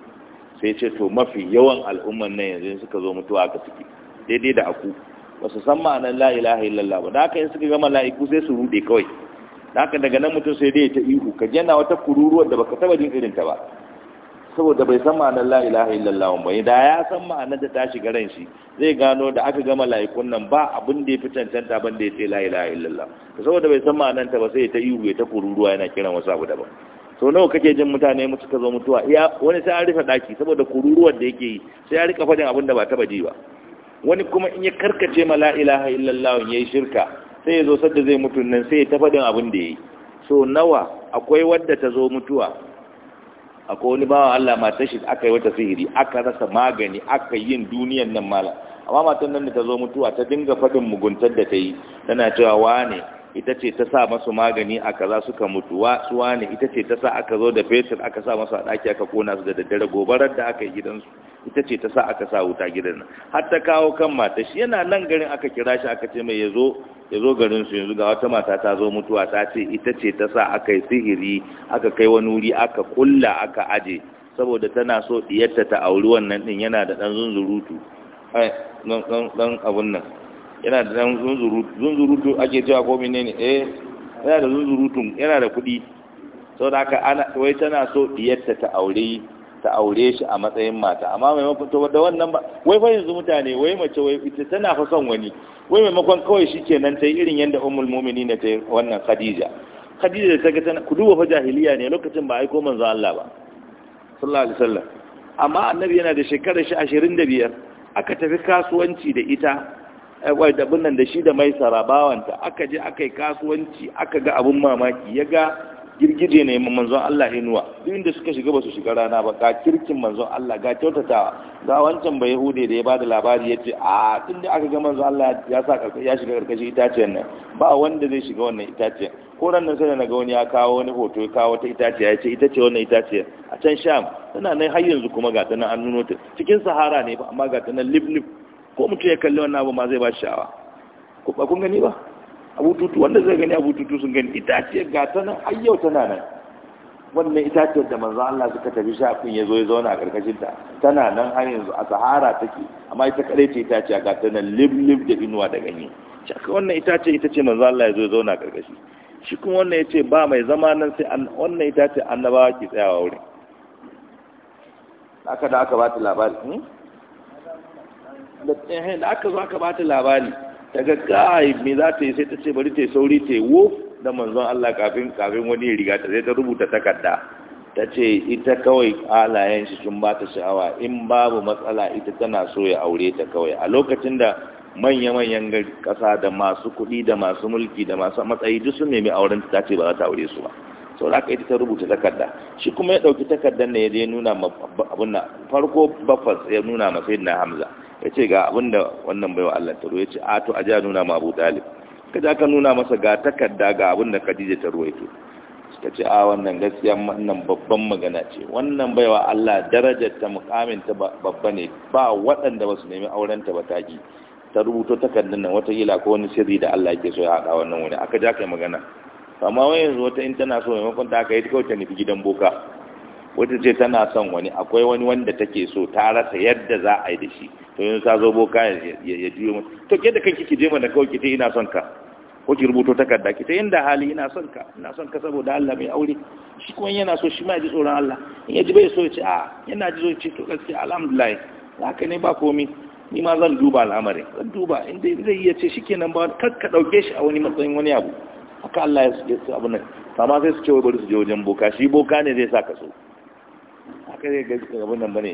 sai ce to mafi yawan al'umman nan yanzu suka zo mutuwa aka ciki daidai da aku ba su san ma'anar la illallah ba da haka in suka gama la'iku sai su rude kawai da haka daga nan mutum sai dai ta ihu ka jana wata kururuwar da baka taba jin irin ta ba saboda bai san ma'anar la ilaha illallah ba da ya san ma'anar da tashi garan ran shi zai gano da aka gama laikun nan ba abin da ya fi cancanta ban da ya ce la ilaha illallah to saboda bai san ma'anar ta ba sai ta yi ta kururuwa yana kiran wasu abu daban to nawa kake jin mutane mu suka zo mutuwa iya wani sai an rufe daki saboda kururuwar da yake yi sai ya rika fadin abin da ba taba ji ba wani kuma in ya karkace ma la ilaha illallah yi shirka sai ya zo sadda zai mutu nan sai ya ta abin da ya yi. so nawa akwai wadda ta zo mutuwa akwai wani bawan Allah ma shi aka yi wata sihiri aka rasa magani aka yin duniyan nan mala amma matan nan da ta zo mutuwa ta dinga faɗin muguntar da ta yi tana cewa wane ita ce ta sa masu magani a kaza suka mutu suwa ne ita ce ta sa aka zo da fetur aka sa masu a ɗaki aka kona su da daddare gobarar da aka yi gidansu ita ce ta sa aka sa wuta gidan nan har ta kawo kan mata shi yana nan garin aka kira shi aka ce mai ya zo ya garin su yanzu ga wata mata ta zo mutuwa ta ce ita ce ta sa aka yi sihiri aka kai wani wuri aka kulla aka aje saboda tana so diyarta ta auri wannan din yana da ɗan zunzurutu ai ɗan abun nan yana da dan zunzurutu ake cewa ko ne eh yana da zunzurutun yana da kuɗi da haka ana wai tana so diyarta ta aure ta aure shi a matsayin mata amma maimakon to da wannan ba wai fa yanzu mutane wai mace wai ita tana fa son wani wai maimakon kawai nan ta yi irin yadda ummul mu'minin ta yi wannan khadija khadija da ta ga tana ku duba fa jahiliya ne lokacin ba ko manzo Allah ba sallallahu alaihi wasallam amma annabi yana da shekarar shi 25 aka tafi kasuwanci da ita dabin nan da shi da mai sarabawanta aka je aka yi kasuwanci aka ga abin mamaki ya ga girgije ne manzon Allah inuwa duk inda suka shiga ba su shiga rana ba ga kirkin manzon Allah ga kyautatawa ga wancan ba hude da ya bada labari ya ce a tun da aka ga manzon Allah ya sa ya shiga karkashin itaciyar nan ba wanda zai shiga wannan itaciyar ko ran nan sai na ga wani ya kawo wani hoto ya kawo ta itaciya ya ce ita ce wannan itaciyar a can sham tana nan har yanzu kuma ga ta nan an nuno cikin sahara ne ba amma ga ta nan lip lip ko mutum ya kalli wannan abu ma zai ba shi sha'awa ko ba kun gani ba abu tutu wanda zai gani abu tutu sun gani itaciyar ga ta nan har yau tana nan wannan itaciyar da manzo Allah suka tafi shafin ya zo ya zauna a karkashin ta tana nan har yanzu a sahara take amma ita kadai ce itaciya ga ta nan lib lib da inuwa da ganye shaka wannan itace ita ce manzo Allah ya zo ya zauna a karkashi shi kuma wannan ya ce ba mai zama nan sai wannan itace annabawa ke tsayawa wurin haka da aka ba ta labari hmm? da aka zo aka bata labari daga kai me za ta yi sai ta ce bari ta yi sauri ta yi wo da manzon Allah kafin kafin wani ya riga ta sai ta rubuta takarda ta ce ita kawai halayen shi sun ta sha'awa in babu matsala ita tana so ya aure ta kawai a lokacin da manya-manyan ƙasa da masu kuɗi da masu mulki da masu matsayi duk sun nemi auren ta ce ba za ta aure su ba sau da aka ita ta rubuta takarda shi kuma ya ɗauki takardar ne ya je nuna abin farko bafas ya nuna masai na hamza ya ce ga abinda wannan baiwa Allah ta ruwa ya ce a to a nuna ma abu dalib ka ja ka nuna masa ga takarda ga abinda khadija ta ruwa ito suka ce a wannan gaskiya wannan babban magana ce wannan baiwa Allah darajar ta mukamin ta babba ne ba waɗanda ba su nemi auren ta ba taki ta rubuto takardar nan wata yila ko wani sirri da Allah yake so ya hada wannan wani aka ja kai magana amma wayanzu yanzu wata in tana so maimakon ta kai yi kawai ta nufi gidan boka wata ce tana son wani akwai wani wanda take so ta rasa yadda za a yi da shi to yin ta zo boka ya juyo mata to yadda kanki ki je mana kawai ki kite ina son ka ko ki rubuto takarda Ki ta inda hali ina son ka ina son ka saboda Allah mai aure shi kuma yana so shi ma ji tsoron Allah in ya ji bai so ya ce a ah, yana ji so ya ce to gaskiya alhamdulillah haka ne ba komi ni ma zan duba al'amarin zan duba inda zai iya ce shikenan ba kar ka dauke shi a wani matsayin wani abu haka Allah ya su abin nan amma sai su ce wai bari su je wajen boka shi boka ne zai sa ka so haka zai ga suka gaban nan bane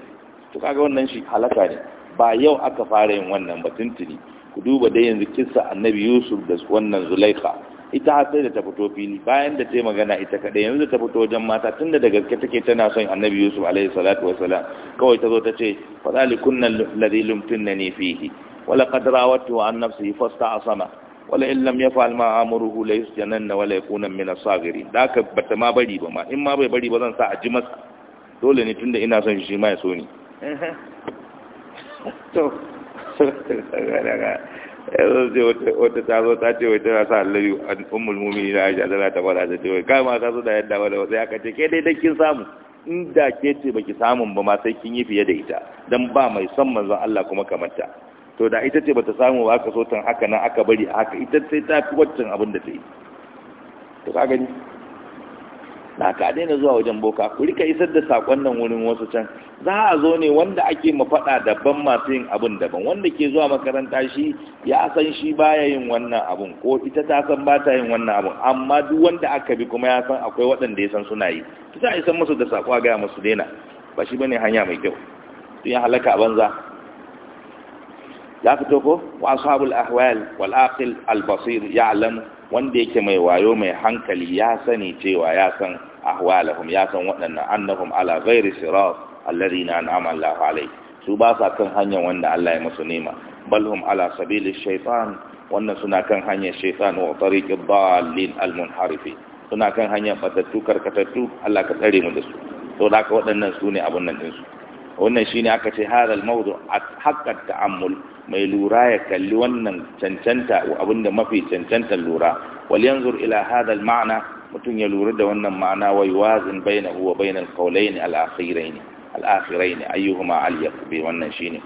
to kaga wannan shi halaka ne ba yau aka fara yin wannan ba tuntuni ku duba dai yanzu kissa annabi yusuf da wannan zulaikha ita har sai da ta fito fili bayan da ta magana ita kaɗai yanzu ta fito wajen mata tun da gaske take tana son annabi yusuf alaihi salatu kawai ta zo ta ce faɗali li kunnan ladhi lumtunnani fihi wala qad rawatu an nafsihi fasta asama wala in lam yaf'al ma amuruhu la yusjananna wala yakuna min as-sagirin da ka bata ma bari ba ma in ma bai bari ba zan sa a ji masa dole ne tunda ina son shi shi ma ya so ni to wata ta zo ta ce wai tana sa allabi an ummul mumini na aisha tana ta fara ta ce wai kai ma ta zo da yadda wani wasu ya kace ke dai kin samu inda da ke ce baki samun ba ma sai kin yi fiye da ita don ba mai son manzon Allah kuma kamar ta to da ita ce bata samu ba aka so tan haka nan aka bari haka ita sai ta fi waccan abin da ta yi to ka gani na ka daina zuwa wajen boka ku rika isar da sakon nan wurin wasu can za a zo ne wanda ake mafaɗa daban masu yin abin daban wanda ke zuwa makaranta shi ya san shi baya yin wannan abun ko ita ta san ba ta yin wannan abun amma duk wanda aka bi kuma ya san akwai waɗanda ya san suna yi ki za a isar musu da sako a gaya musu daina ba shi bane hanya mai kyau tun ya halaka a banza ya fito ko wa ashabul ahwal wal aqil al basir ya'lam wanda yake mai wayo mai hankali ya sani cewa ya san ahwalahum ya san waɗannan annahum ala ghairi sirat alladhina an'ama Allahu alayhi su ba sa kan hanyar wanda Allah ya musu nema balhum ala sabili shaytan wannan suna kan hanyar shaytan wa tariqid dallin almunharifi suna kan hanyar fatattu karkatattu Allah ka tsare mu da su to da ka waɗannan su ne abun nan din su wannan shine aka ce hadal mawdu haqqat ta'ammul mai lura ya kalli wannan cancanta abinda mafi cancanta lura wal yanzur ila hadal ma'na mutum ya lura da wannan ma'ana wai wazin baina huwa bainal ne al ne al-akhirayn ayyuhuma alyaq bai wannan ne.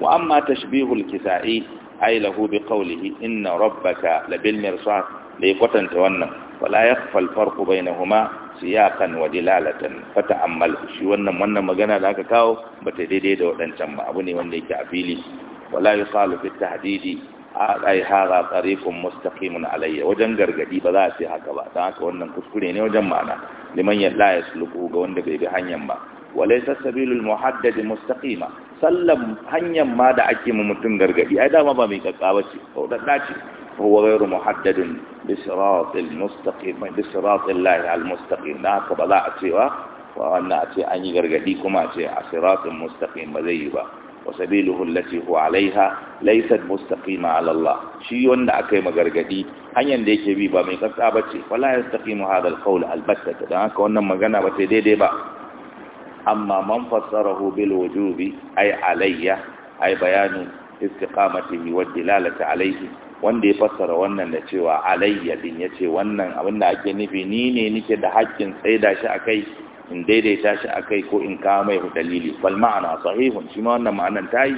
wa amma tashbihul kisa'i ay lahu bi qawlihi inna rabbaka labil mirsad da kwatanta wannan wala na huma farqu bainahuma siyaqan wa dilalatan fata'ammal shi wannan wannan magana da aka kawo ta daidai da waɗancan ba abu ne wanda yake a fili wala yusalu bi tahdidi ai hada tariqun mustaqimun alayya wajen gargadi ba za a ce haka ba dan haka wannan kuskure ne wajen ma'ana liman yalla ya suluku ga wanda bai bi hanyar ba walaysa sabilul muhaddad mustaqima sallam hanyar ma da ake mu mutum gargadi ai dama ba mai kakka ba ce ko da dace huwa ghayru muhaddadin bisiratil mustaqim bisiratil lahi al mustaqim haka ba za a cewa wannan a ce an yi gargadi kuma a ce a siratin mustaqim ba zai yi ba وسبيله التي هو عليها ليست مستقيمة على الله شي wanda akai magargadi hanyar da yake bi ba mai kasa bace wala yastaqimu hadha alqawl albatta dan haka wannan magana ba sai daidai ba amma man fassarahu bil wujubi ay alayya ay bayanu istiqamatihi wa dilalati alayhi wanda ya fassara wannan da cewa alayya din yace wannan abin da ake nufi ni ne nake da haƙƙin tsaida shi a kai. in daidaita shi a kai ko in kawo mai dalili bal ma'ana sahihun shi ma wannan ma'anan ta yi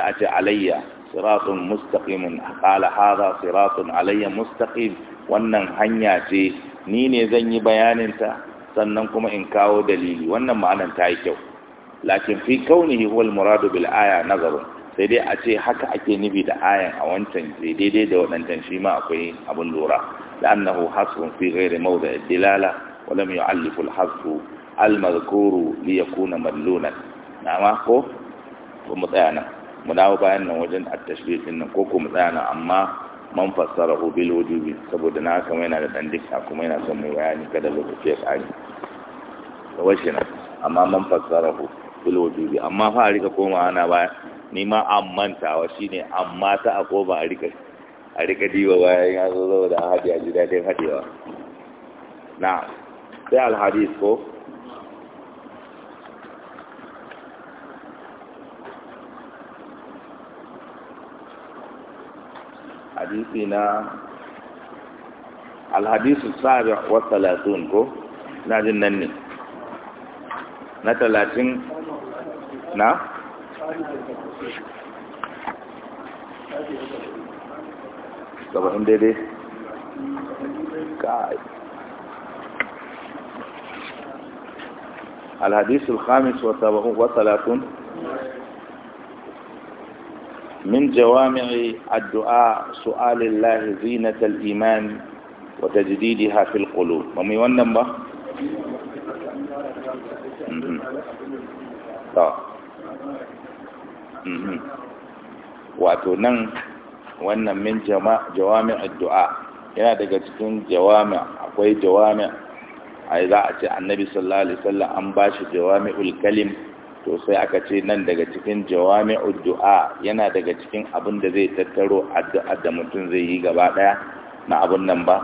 a ce alayya siratun mustaqimun qala hadha siratun alayya mustaqim wannan hanya ce ni ne zan yi bayanin ta sannan kuma in kawo dalili wannan ma'anan ta yi kyau lakin fi kaunihi huwa al-muradu bil aya nazarun sai dai a ce haka ake nufi da ayan a wancan daidai da waɗancan shi ma akwai abin lura la'annahu hasrun fi ghairi mawda dilala wa lam yu'allifu al-mazkuru li yakuna madlunan nama ko ko mu tsaya nan mu dawo bayan nan wajen at-tashbih din nan ko ko mu tsaya nan amma man fassara hu bil wujubi saboda na kama yana da dan dika kuma yana son mai bayani kada lokaci ya kare da washe nan amma man fassara hu bil wujubi amma fa a rika koma ana baya? ni ma an mantawa shine amma ta a koma a rika a rika diwa bayan ya zo da hadiya ji dadin hadewa na sai al-hadis ko hadisi na alhadisu sabi wa talatun ko na jin nan na talatin na saba'in daidai alhadisu alhamis wa saba'in من جوامع الدعاء سؤال الله زينة الإيمان وتجديدها في القلوب مم يوانن با wato nan wannan min jawami'ar du'a yana daga cikin jawami akwai jawami a za a ce annabi sallallahu alaihi wasallam an bashi jawami'ul kalim to sai aka ce nan daga cikin jawami'ud du'a yana daga cikin abin da zai tattaro addu'a da mutum zai yi gaba daya na abun nan ba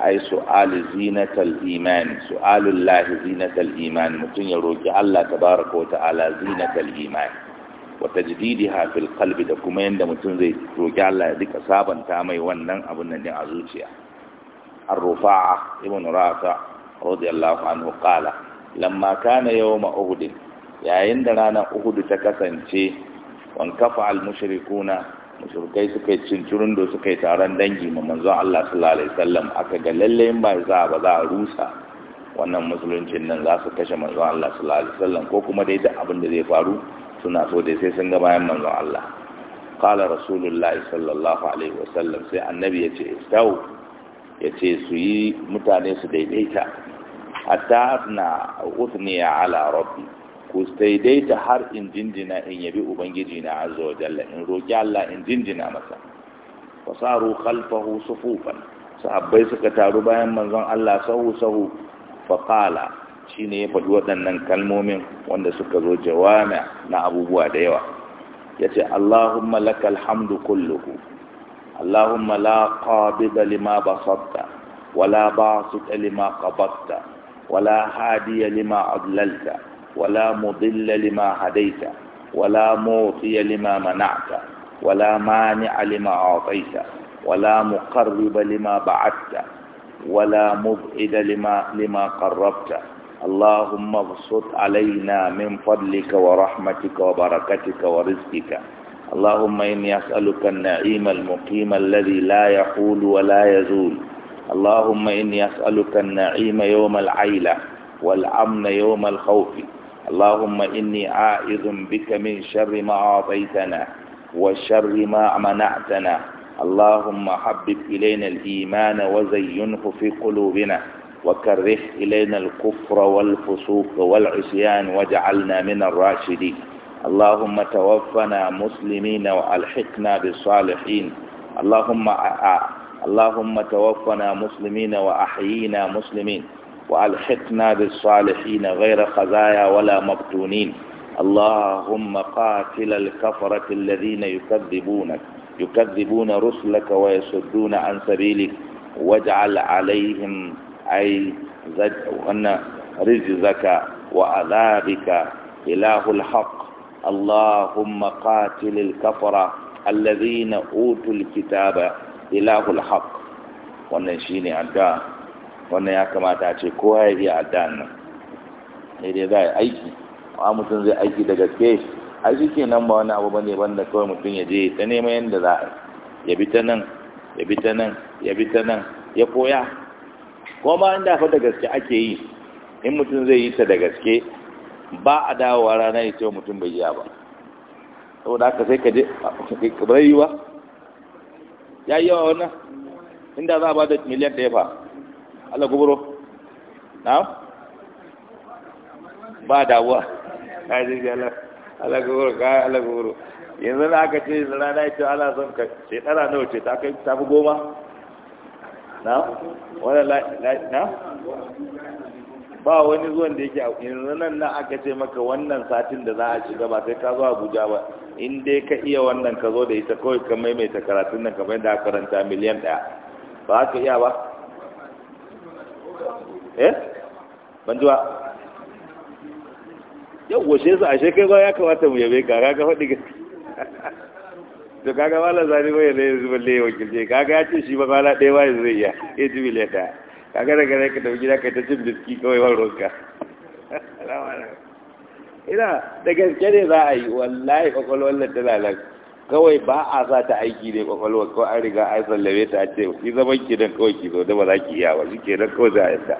ai su'alu zinatal iman su'alul lahi zinatal iman mutum ya roki Allah Ta wa ta'ala zinatal iman wa tajdidiha fil qalbi da kuma yanda mutum zai roki Allah ya dika sabanta mai wannan abun nan din a zuciya ar-rufa'a ibn rafa radiyallahu anhu qala lamma kana yawma uhud yayin da ranar uhudu ta kasance wan kafa al-mushrikuna musulkai suka yi cincirin da suka yi taron dangi ma manzon Allah sallallahu alaihi wasallam aka ga lalle in ba za ba za a rusa wannan musuluncin nan za su kashe manzon Allah sallallahu alaihi wasallam ko kuma dai da abin da zai faru suna so dai sai sun ga bayan manzon Allah qala rasulullahi sallallahu alaihi wasallam sai annabi ya ce istau ya ce su yi mutane su daidaita hatta na utniya ala rabbi ku daidaita har in jinjina in yabi ubangiji na azza wa jalla in roki Allah in jinjina masa fasaru khalfahu sufufan sahabbai suka taru bayan manzon Allah sahu sahu faqala shine ya faɗi waɗannan kalmomin wanda suka zo jawami na abubuwa da yawa yace Allahumma lakal hamdu kulluhu Allahumma la qabida lima basatta wala basita lima qabatta wala hadiya lima adlalta ولا مضل لما هديت ولا موصي لما منعت ولا مانع لما أعطيت ولا مقرب لما بعدت ولا مبعد لما, لما قربت اللهم ابسط علينا من فضلك ورحمتك وبركتك ورزقك اللهم إني أسألك النعيم المقيم الذي لا يحول ولا يزول اللهم إني أسألك النعيم يوم العيلة والأمن يوم الخوف اللهم إني عائذ بك من شر ما أعطيتنا وشر ما منعتنا اللهم حبب إلينا الإيمان وزينه في قلوبنا وكره إلينا الكفر والفسوق والعصيان واجعلنا من الراشدين اللهم توفنا مسلمين وألحقنا بالصالحين اللهم اللهم توفنا مسلمين وأحيينا مسلمين وألحقنا بالصالحين غير خزايا ولا مفتونين اللهم قاتل الكفرة الذين يكذبونك يكذبون رسلك ويصدون عن سبيلك واجعل عليهم أي أن رزقك وعذابك إله الحق اللهم قاتل الكفرة الذين أوتوا الكتاب إله الحق ونشيني أداه wannan ya kamata a ce kowa ya iya addu'an nan sai dai za a yi aiki amma mutum zai aiki da gaske a shi nan ba wani abu bane banda kawai mutum ya je ta neman yadda za a ya bi ta nan ya bi ta nan ya bi ta nan ya koya ko ma inda fa da gaske ake yi in mutum zai yi ta da gaske ba a dawowa rana ya ce mutum bai yi ba saboda haka sai ka je bai yi ba ya yi yawa wannan inda za a ba da miliyan ɗaya fa Allah guburo na ba damuwa kaji ga Allah Allah guburo ka Allah guburo yanzu da aka ce rana ya ce ana son ka ce ɗara nawa ce ta kai tafi goma na wani na ba wani zuwan da yake yanzu nan na aka ce maka wannan satin da za a shiga ba sai ka zo abuja ba in dai ka iya wannan ka zo da ita kawai ka maimaita karatun nan kamar da karanta miliyan ɗaya ba ka iya ba eh ban jiwa yau goshe su a shekaru ya kamata mu yabe ka kaga faɗi gaske to kaga wala zani ba yana yanzu balle ya wakilce kaga ya ce shi ba kwana ɗaya ba yanzu zai iya ya ji miliyan ta kaga daga nan ka dauki gida ta cin biski kawai ban roka ina da gaske ne za a yi wallahi kwakwalwallar tana nan kawai ba a sa ta aiki ne kwakwalwa ko an riga an sallame ta ce ki zama ki dan kawai ki zo da ba za ki iya ba shi ke nan kawai za a yadda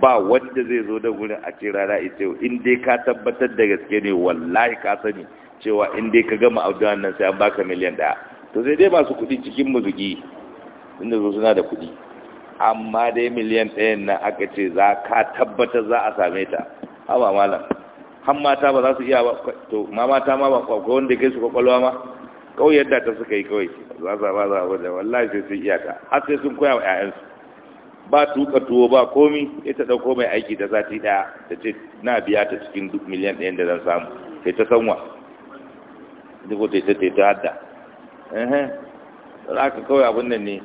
ba wanda zai zo da wurin a ce rana ita in dai ka tabbatar da gaske ne wallahi ka sani cewa in dai ka gama abu nan sai an baka miliyan ɗaya to sai dai masu kuɗi cikin muzuki inda zo suna da kuɗi amma dai miliyan ɗayan nan aka ce za ka tabbatar za a same ta haba malam har mata ba za su iya ba to ma mata ma ba kwakwai wanda kai su kwakwalwa ma kawai yadda ta suka yi kawai za za ba za ba da wallahi sai sun iyaka har sai sun koya wa ƴaƴansu ba tuka tuwo ba komi ita ɗauko mai aiki ta sati ɗaya ta ce na biya ta cikin duk miliyan ɗayan da zan samu sai ta sanwa duk wata ita ta hadda za ka kawai abin nan ne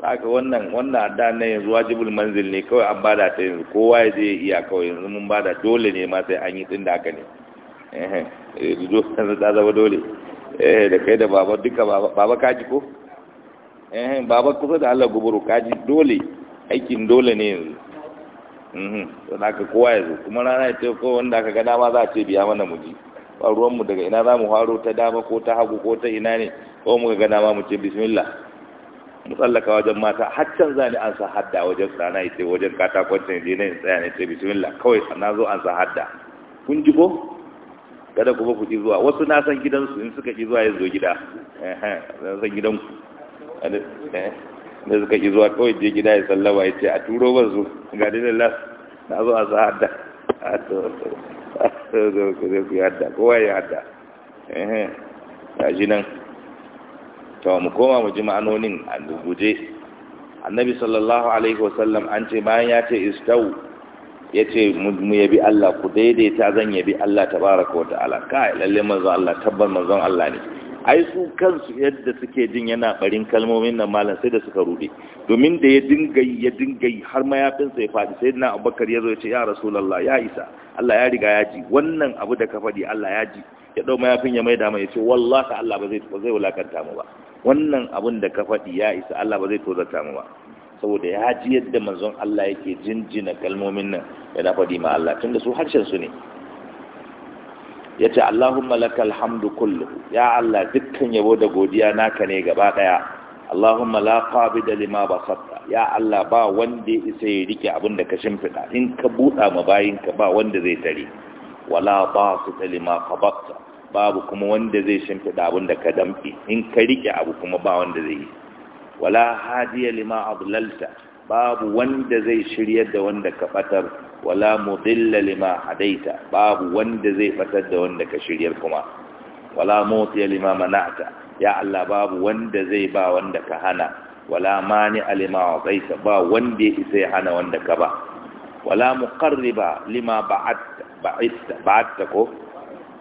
za ka wannan wannan hadda na yanzu wajibul manzil ne kawai an bada ta yanzu kowa ya zai iya kawai yanzu mun bada dole ne ma sai an yi tun da haka ne eh eh ta zama dole eh da kai da baba duka baba kaji ko eh baba kusa da Allah guburu kaji dole aikin dole ne yanzu mhm don haka kowa yanzu kuma rana ita ko wanda aka ga dama za a ce biya mana muji ba ruwan mu daga ina za mu haro ta dama ko ta hagu ko ta ina ne ko mu ga dama mu ce bismillah mu tsallaka wajen mata haccan za ni an sa hadda wajen rana ita wajen katakon can ne tsaya ne ce bismillah kawai na zo an sa hadda kun ji ko kada kuma ku ji zuwa wasu na san gidansu in suka ji zuwa ya zo gida na san gidanku eh, da suka ji zuwa kawai je gida ya sallama ya ce a turo ban su ga dalilin las na zo a sa hadda a to ku zai ku yi hadda kowa ya hadda Ya ji nan to mu koma mu ji ma'anonin a dubuje annabi sallallahu alaihi wasallam an ce bayan ya ce istau ya ce mu bi Allah ku daidaita zan ya bi Allah tabaraka wata'ala kai lalle manzon Allah tabbar manzon Allah ne ai su kansu yadda suke jin yana barin kalmomin nan malam sai da suka rube domin da ya dinga ya dinga har mayafinsa ya fadi sai na Abubakar yazo zo ya ce ya Rasulullah ya Isa Allah ya riga ya ji wannan abu da ka faɗi Allah ya ji ya dau mayafin ya maida mai ya ce wallahi Allah ba zai ba zai wulakanta mu ba wannan abun da ka faɗi ya Isa Allah ba zai tozarta mu ba saboda ya ji yadda manzon Allah yake jinjina kalmomin nan ya na faɗi ma Allah tunda su harshen su ne ya ce Allahumma lakal hamdu kullu ya Allah dukkan yabo da godiya naka ne gaba ɗaya Allahumma la qabida lima basatta ya Allah ba wanda ya isa ya rike abin da ka shimfida in ka buɗa ma ka ba wanda zai tare wala basita lima qabatta babu kuma wanda zai shimfida abin da ka damfi in ka rike abu kuma ba wanda zai yi wala hadiya lima adlalta babu wanda zai shiryar da wanda ka batar wala mudilla lima hadaita babu wanda zai batar da wanda ka shiryar kuma wala mutiya lima mana'ta ya Allah babu wanda zai ba wanda ka hana wala mani alima wadaita ba wanda ya isa ya hana wanda ka ba wala muqarriba lima ba'atta ba'atta ba'atta ko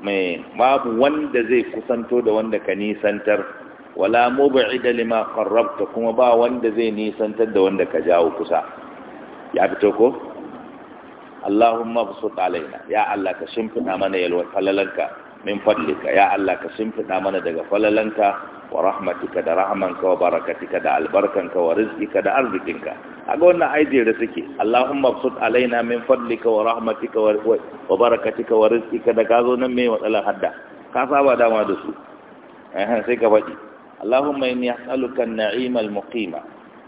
mai babu wanda zai kusanto da wanda ka nisantar wala mub'ida lima qarrabta kuma ba wanda zai nisantar da wanda ka jawo kusa ya fito ko Allahumma basut alaina ya Allah ka shimfida mana yalwar falalanka min fadlika ya Allah ka shimfida mana daga falalanka wa rahmatika da rahmanka wa barakatika da albarkanka wa rizqika da arzikinka aga wannan aije da suke Allahumma basut alaina min fadlika wa rahmatika wa barakatika wa rizqika da gazo nan mai matsalar hadda ka saba dama da su eh sai ka faɗi Allahumma inni as'aluka an-na'ima al-muqima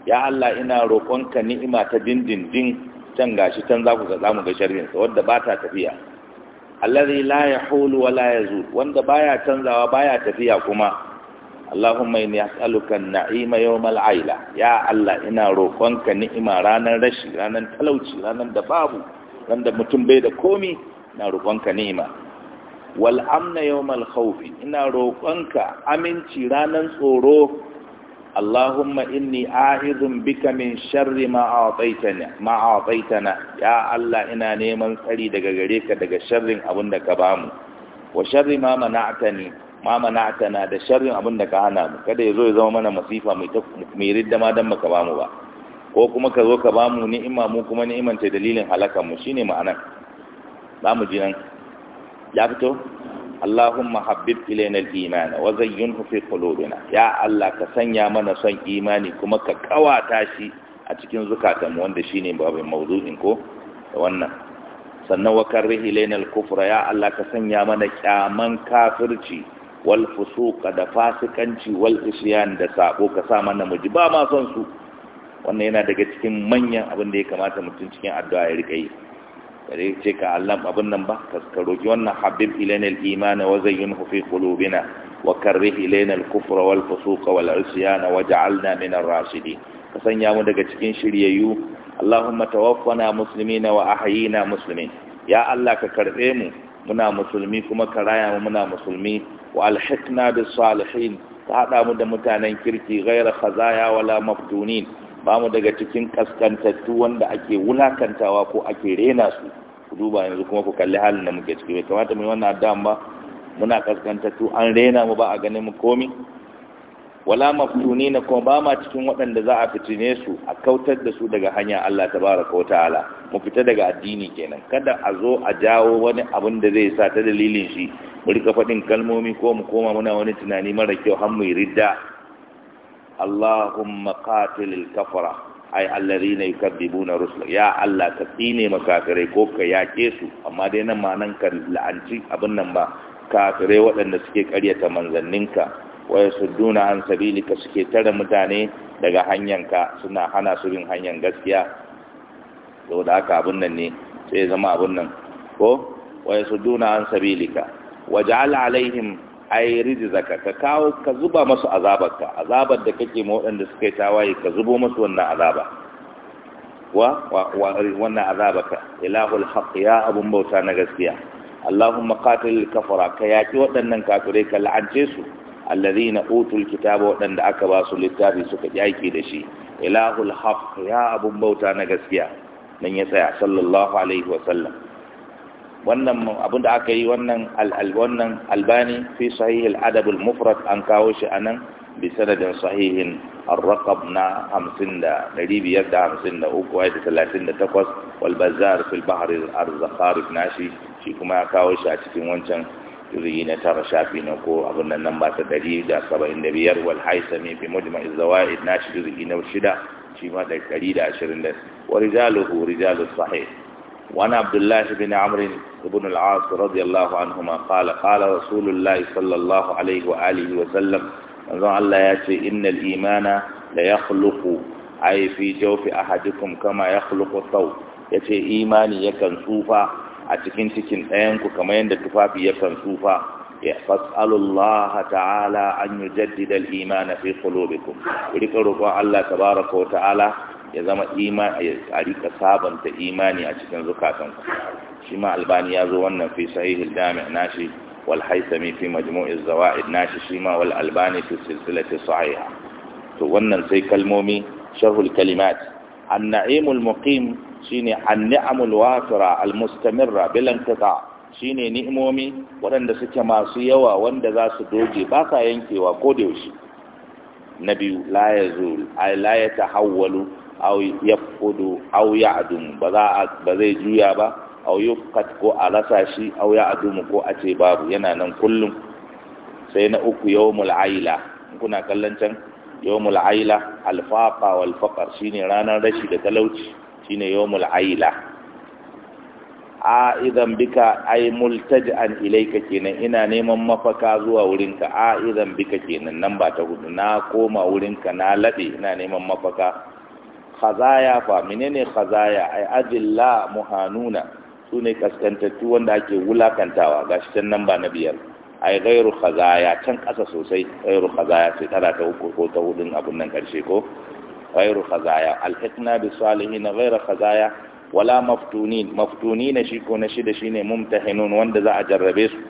ya Allah ina roƙonka ni'ima ta dindindin can gashi can za ku ga zamu ga sharrin sa wanda ba ta tafiya la yahulu wa la yazul wanda baya canzawa baya tafiya kuma Allahumma inni as'aluka an-na'ima 'aila ya Allah ina roƙonka ni'ima ranar rashi ranar talauci ranar da babu da mutum bai da komi na roƙonka ni'ima wal amna yawmal khawfi ina roƙonka aminci ranar tsoro Allahumma inni ahizun bika min sharri ma a'taytana ma ya Allah ina neman tsari daga gare ka daga sharrin abin da ka bamu wa sharri ma mana'tani ma mana'tana da sharrin abin da ka hana mu kada yazo ya zama mana masifa mai ta ridda ma dan baka bamu ba ko kuma ka zo ka bamu ni'ima mu kuma ni'iman dalilin halakan mu shine ma'anan zamu ji nan ya fito Allahumma habib ilayna al-iman wa zayyinhu fi qulubina ya Allah ka sanya mana son imani kuma ka kawata shi a cikin zukatan wanda shine babin mawdu'in ko wannan sannan wa karrih ilayna al-kufra ya Allah ka sanya mana kyaman kafirci wal fusuq da fasikanci wal isyan da sabo ka sa mana muji ba ma son su wannan yana daga cikin manyan abin da ya kamata mutum cikin addu'a ya rika yi bare ce ka Allah abin nan ba ka roki wannan habib ilainal al-iman wa zayyinhu fi qulubina wa karrih ilaina kufra wal fusuqa wal isyan waj'alna min ar ka sanya mu daga cikin shiryayyu Allahumma tawaffana muslimina wa ahyina muslimin ya Allah ka karbe mu muna musulmi kuma ka raya mu muna musulmi wa alhiqna bis salihin ka hada mu da mutanen kirki ghayra khazaya wala mafdunin ba mu daga cikin kaskantattu wanda ake wulakantawa ko ake rena su ku duba yanzu kuma ku kalli halin da muke ciki bai kamata mu yi wannan addu'an ba muna kaskantattu an rena mu ba a ganin mu komi wala maftuni na kuma ba ma cikin waɗanda za a fitine su a kautar da su daga hanya Allah tabaraka wa ta'ala mu fita daga addini kenan kada a zo a jawo wani abin da zai sa ta dalilin shi mu rika faɗin kalmomi ko mu koma muna wani tunani mara kyau har mu yi ridda Allahumma qatilil kafara ay allazina yukadibuna rusul ya Allah ka tine makafire ko ka yake su amma dai nan ma nan kan la'anci abin nan ba kafire waɗanda suke ƙaryata manzanninka wa yasudduna an sabilika suke tare mutane daga hanyanka suna hana su bin hanyar gaskiya saboda haka abin nan ne sai zama abin nan ko wa yasudduna an sabilika waj'al alaihim ai rijizaka ka kawo ka zuba masu azabarka azabar da kake ma waɗanda suka yi tawaye ka zubo masu wannan azaba wa wannan azabaka ilahul haqq ya abun bauta na gaskiya allahumma qatil kafara ka yaki waɗannan kafirai ka la'ance su na utul kitaba waɗanda aka ba su littafi suka yaki da shi ilahul haqq ya abun bauta na gaskiya nan ya tsaya sallallahu alaihi wa sallam wannan abin da aka yi wannan wannan albani fi sahih adabul mufrat an kawo shi anan bi sanadin sahihin ar na 50 da 553 ayat 38 wal bazar fil bahr al nashi shi kuma ya kawo shi a cikin wancan juz'i na tara shafi na ko abin nan nan ba ta 175 wal haisami fi mujma' az-zawaid nashi juz'i na shida shi ma da 120 wa rijaluhu rijalus sahih وعن عبد الله بن عمرو بن العاص رضي الله عنهما قال قال رسول الله صلى الله عليه وآله وسلم manzon Allah ya ce innal imana da yakhluqu ay fi jawfi ahadikum kama yakhluqu yace imani yakan tsufa a cikin cikin ɗayanku kamar yadda tufafi yakan tsufa ya fasalullah ta'ala an yujaddida al iman fi qulubikum rika roƙon Allah tabaraka wa ta'ala ya zama a rika sabanta imani a cikin zukatan shi ma albani ya zo wannan fi sahihul jami' shi wal haythami fi majmu'iz zawaid nashi shi ma wal albani fi silsilati sahiha to wannan sai kalmomi sharhul kalimat an-na'imul muqim shine an-ni'amul wafira al-mustamirra bil inqita shine ni'imomi waɗanda suke masu yawa wanda za su doge ba sa yankewa ko da yaushe na biyu la yazul ay la yatahawwalu aw yafqudu aw ya'dum baza juya ba aw yufqat ko a rasa shi aw ya'dum ko a babu yana nan kullum sai na uku yawmul aila kuna kallon can yawmul aila alfaqa wal faqr shine ranar rashi da talauci shine yawmul aila a idan bika ai multaj'an ilayka kenan ina neman mafaka zuwa wurinka a idan bika kenan nan ba ta hudu na koma wurinka na labe ina neman mafaka khazaya fa menene khazaya ai ajilla muhanuna sune kaskantattu wanda ake wulakantawa gashi can nan ba na biyar ai ghairu khazaya can kasa sosai ghairu khazaya sai tara ta uku ko ta hudun abun nan karshe ko ghairu khazaya alhikna bi salihin ghairu khazaya wala maftunin maftunin shi ko na shida shine mumtahinun wanda za a jarrabe su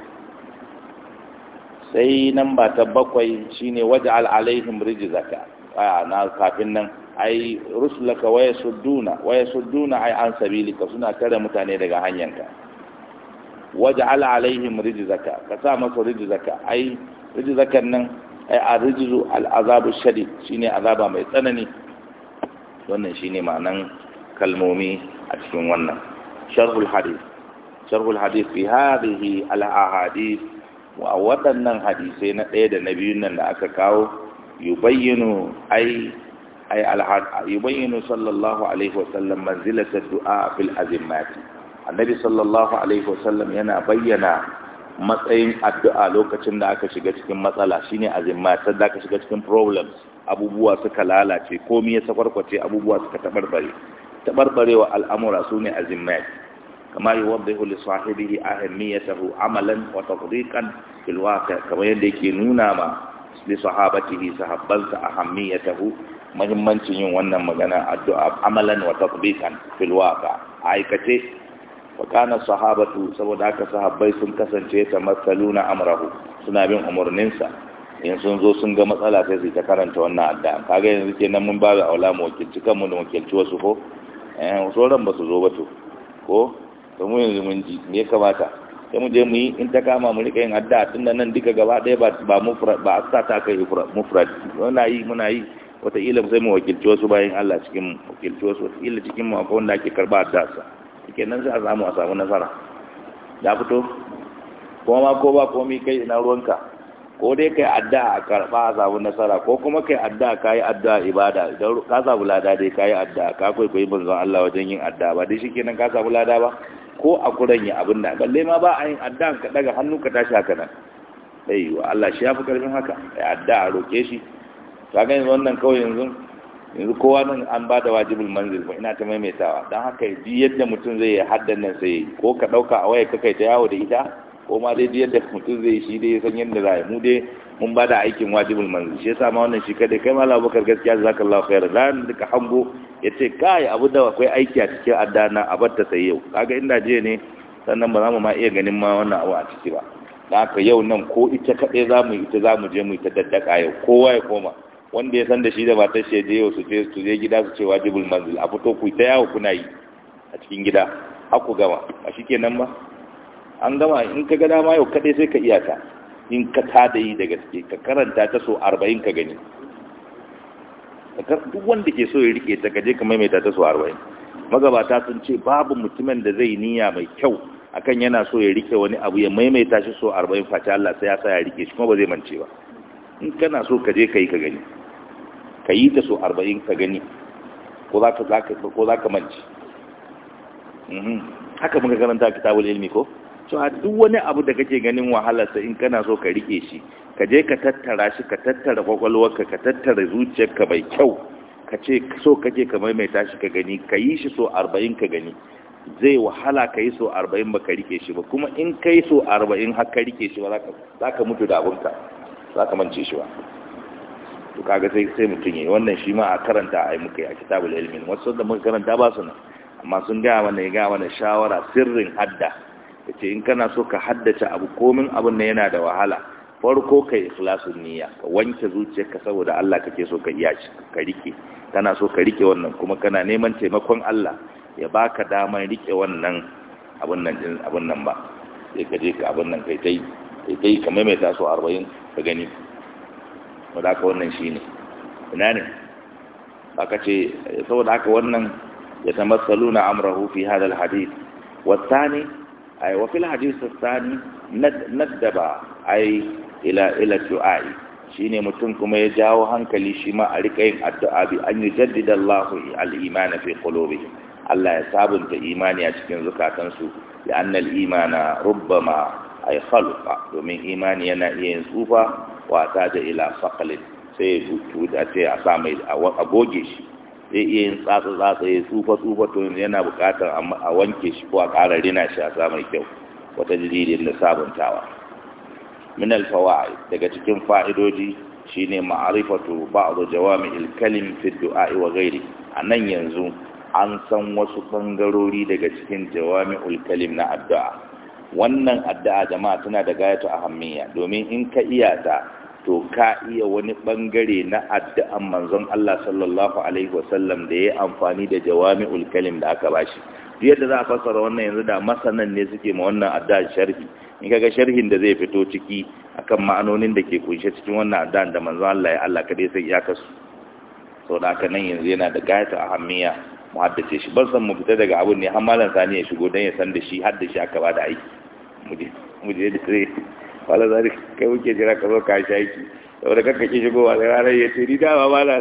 sai nan ba ta bakwai shine waj'al alaihim rijzaka na kafin nan ai rusulaka waya sudduna waya sudduna ai an sabilika suna tare mutane daga hanyanka waje alaihim rijzaka ka sa masa rijzaka ai rijzakan nan ai arrijzu al'azabu shadid shine azaba mai tsanani wannan shine ma'anan kalmomi a cikin wannan sharhul hadith sharhul hadith fi hadhihi al ahadith wa waɗannan hadisi na ɗaya da na biyun nan da aka kawo yubayyinu ai ai alhad yubayyinu sallallahu alaihi wasallam manzilatar du'a fil azimati annabi sallallahu alaihi wasallam yana bayyana matsayin addu'a lokacin da aka shiga cikin matsala shine azimmat sai da aka shiga cikin problems abubuwa suka lalace komai ya sakwarkwace abubuwa suka tabarbare tabarbarewa al'amura sune azimmat kama yuwaddihu li sahibihi ahammiyatahu amalan wa tadriqan fil kamar yadda yake nuna ma li sahabatihi sahabbansa ahammiyatahu muhimmancin yin wannan magana addu'a amalan wa tatbiqan fil waqa aikace wa kana sahabatu saboda haka sahabbai sun kasance ta tamassaluna amrahu suna bin umurninsa in sun zo sun ga matsala sai su ta karanta wannan addu'a kaga yanzu kenan mun ba ga aula mu wakilci kanmu da wakilci wasu ko eh sauran ba su zo ba to ko to mu yanzu mun ji me ya kamata sai mu je mu yi in ta kama mu rika yin addu'a tunda nan duka gaba ɗaya ba ba mufrad sa ta kai mufrad muna yi muna yi wataƙila sai mu wakilci wasu bayan Allah cikin mu wakilci wasu wataƙila cikin mu akwai wanda ake karɓa addu'a sa nan sai a samu a samu nasara da fito kuma ma ko ba komi kai ina ruwanka ko dai kai addu'a a karɓa a samu nasara ko kuma kai addu'a ka yi addu'a ibada idan ka samu lada dai ka yi addu'a ka kwaikwayi manzon Allah wajen yin addu'a ba dai shi kenan ka samu lada ba ko a kuran ya abin da balle ma ba a yin adda ka daga hannu ka tashi haka nan aiwa Allah shi ya karfin haka ya adda a roke shi ta ga yanzu wannan kawai yanzu yanzu kowa nan an ba da wajibul manzil ba ina ta maimaitawa Dan haka ji yadda mutum zai yi haddan nan sai ko ka ɗauka a waya kai ta yawo da ita ko ma dai yadda mutum zai shi dai san yadda za mu dai mun ba da aikin wajibul manzil shi yasa ma wannan shi kadai kai mallam Abubakar gaskiya jazakallahu khairan dan duka hango yace kai abu da akwai aiki a cikin addana a ta sai yau kaga inda je ne sannan ba za mu ma iya ganin ma wannan abu a ciki ba dan haka yau nan ko ita kadai za mu ita za mu je mu ita daddaka yau kowa ya koma wanda ya san da shi da matar shi je yau su je su je gida su ce wajibul manzil a fito ku ta yawo kuna yi a cikin gida har ku gama a shikenan ba an gama in ka ga dama yau kadai sai ka iyata in ka tada yi da gaske ka karanta ta so arba'in ka gani duk wanda ke so ya rike ta kaje ka maimaita ta so arba'in magabata sun ce babu mutumin da zai niyya mai kyau akan yana so ya rike wani abu ya maimaita shi so arba'in face Allah sai ya sa ya rike shi kuma ba zai mance ba in kana so ka je ka yi ka gani ka yi ta so arba'in ka gani ko za ka mance mhm. haka muka karanta kitabul ilmi ko cewa duk wani abu da kake ganin wahalarsa in kana so ka rike shi ka je ka tattara shi ka tattara kwakwalwarka ka tattara zuciyarka mai kyau ka ce so kake ka maimaita shi ka gani ka yi shi so arba'in ka gani zai wahala ka yi so arba'in ba ka rike shi ba kuma in ka yi so arba'in har ka rike shi ba za ka mutu da abunka za ka mance shi ba to kaga sai sai mutum yayi wannan shi ma a karanta a yi muka yi a kitabul ilmin wasu da muka karanta ba su nan amma sun gaya mana ya gaya mana shawara sirrin hadda Ka ce in kana so ka haddace abu komin abin na yana da wahala farko ka ikhlasun niyya ka wanke zuciyarka saboda Allah kake so ka iya ka rike kana so ka rike wannan kuma kana neman taimakon Allah ya baka daman rike wannan abin nan din abin nan ba sai ka je ka abin nan kai tai kai tai ka maimaita so 40 ka gani wanda ka wannan shine ina ne aka ce saboda haka wannan ya tamassaluna amrahu fi hadal hadith والثاني أي وفي الحديث الثاني ندب أي إلى إلى الدعاء shine mutum kuma ya jawo hankali shi ma a rika yin addu'a bi an yujaddida Allahu al-iman fi qulubihim Allah ya sabunta imani a cikin zukatansu ya annal imana rubbama ay khalqa domin imani yana iya yin tsufa wasa da ila faqlin sai ya tuta sai a sa a goge shi zai iya yin tsatsa tsatsa ya tsufa tsufa to yana buƙatar a wanke shi ko a ƙara rina shi a samun kyau wata jiririn na sabuntawa min alfawa'i daga cikin fa'idoji shine ma'arifatu ba'd jawami'il ilkalin fi du'a'i wa a nan yanzu an san wasu bangarori daga cikin jawami ulkalim na addu'a wannan addu'a jama'a tana da gayatu ahammiya domin in ka iya ta to ka iya wani bangare na addu'an manzon Allah sallallahu alaihi wasallam da ya amfani da jawami'ul kalim da aka bashi yadda za a fassara wannan yanzu da masanan ne suke ma wannan addu'a sharhi in kaga sharhin da zai fito ciki akan ma'anonin da ke kunshe cikin wannan addu'an da manzon Allah ya Allah kadai sai ya kasu sau da haka nan yanzu yana da gayata ahammiya mu haddace shi ban san mu fita daga abun ne har malam sani ya shigo dan ya san da shi haddace aka ba da aiki mu je mu je da wala zari kai muke jira ka zo ka shaki saboda kanka ki shigowa da ranar ya ce ni dama ba na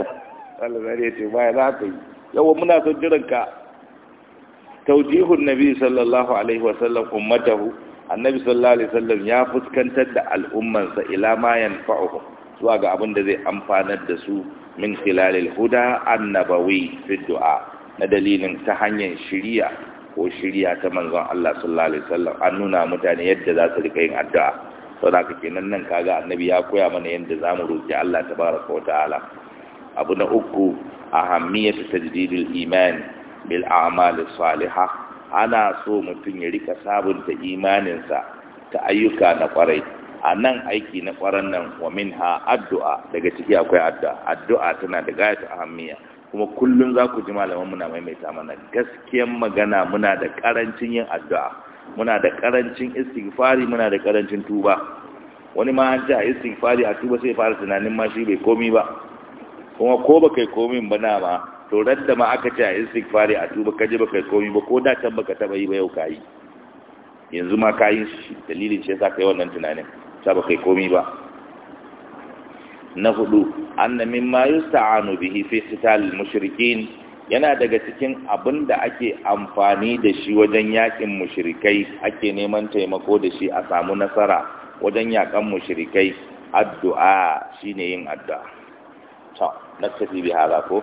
wala zari ya ce ba za ka yi yawan muna son jiran ka taujihun nabi sallallahu alaihi wasallam ummatahu annabi sallallahu alaihi wasallam ya fuskantar da al'ummansa ila ma yanfa'uhum zuwa ga abin da zai amfanar da su min khilalil huda annabawi fi du'a na dalilin ta hanyar shiriya ko shiriya ta manzon Allah sallallahu alaihi wasallam an nuna mutane yadda za su rika yin addu'a sau da kenan nan kaga annabi ya koya mana yadda za mu roƙi Allah ta baraka wa ta'ala abu na uku a hamiyar tajdidul iman bil a'mal saliha ana so mutum ya rika sabunta imaninsa ta ayyuka na kwarai a nan aiki na kwaran nan wa minha addu'a daga ciki akwai addu'a addu'a tana da ta ahammiya kuma kullum za ku ji malaman muna maimaita mana gaskiyan magana muna da karancin yin addu'a muna da karancin istighfari muna da karancin tuba wani ma an ta istighfari a tuba sai fara tunanin ma shi bai komi ba kuma ko ba kai komin ba na ma to radda ma aka ce a istighfari a tuba ka je ba kai komi ba ko da can baka taba yi ba yau ka yi yanzu ma ka yi shi dalilin shi yasa kai wannan tunanin ta ba kai komi ba na hudu anna mimma yusta'anu bihi fi qitalil mushrikin yana daga cikin abin da ake amfani da shi wajen yakin mushrikai ake neman taimako da shi a samu nasara wajen yakan mushrikai addu'a shine yin addu'a to na tafi bi hala ko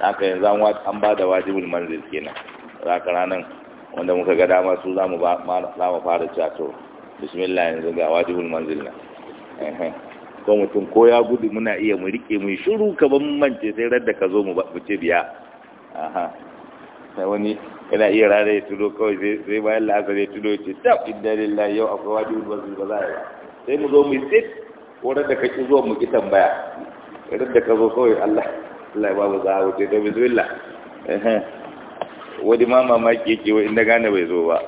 haka yanzu an an ba da wajibul manzil kenan zaka ranan wanda muka ga dama su zamu ba za mu fara cato bismillah yanzu ga wajibul manzil na ko mutum ko ya gudu muna iya mu rike mu shiru kaban mance sai radda ka zo mu ce biya aha sai wani yana iya rana ya tudo kawai zai bayan la'asar ya tudo ce fi inda lillahi yau akwai wani bazu ba za a yi sai mu zo mu sit wurin da kake zuwa mu ki tambaya irin da ka zo kawai Allah Allah ya babu za'a wuce to bismillah wani ma mamaki yake wa inda gane bai zo ba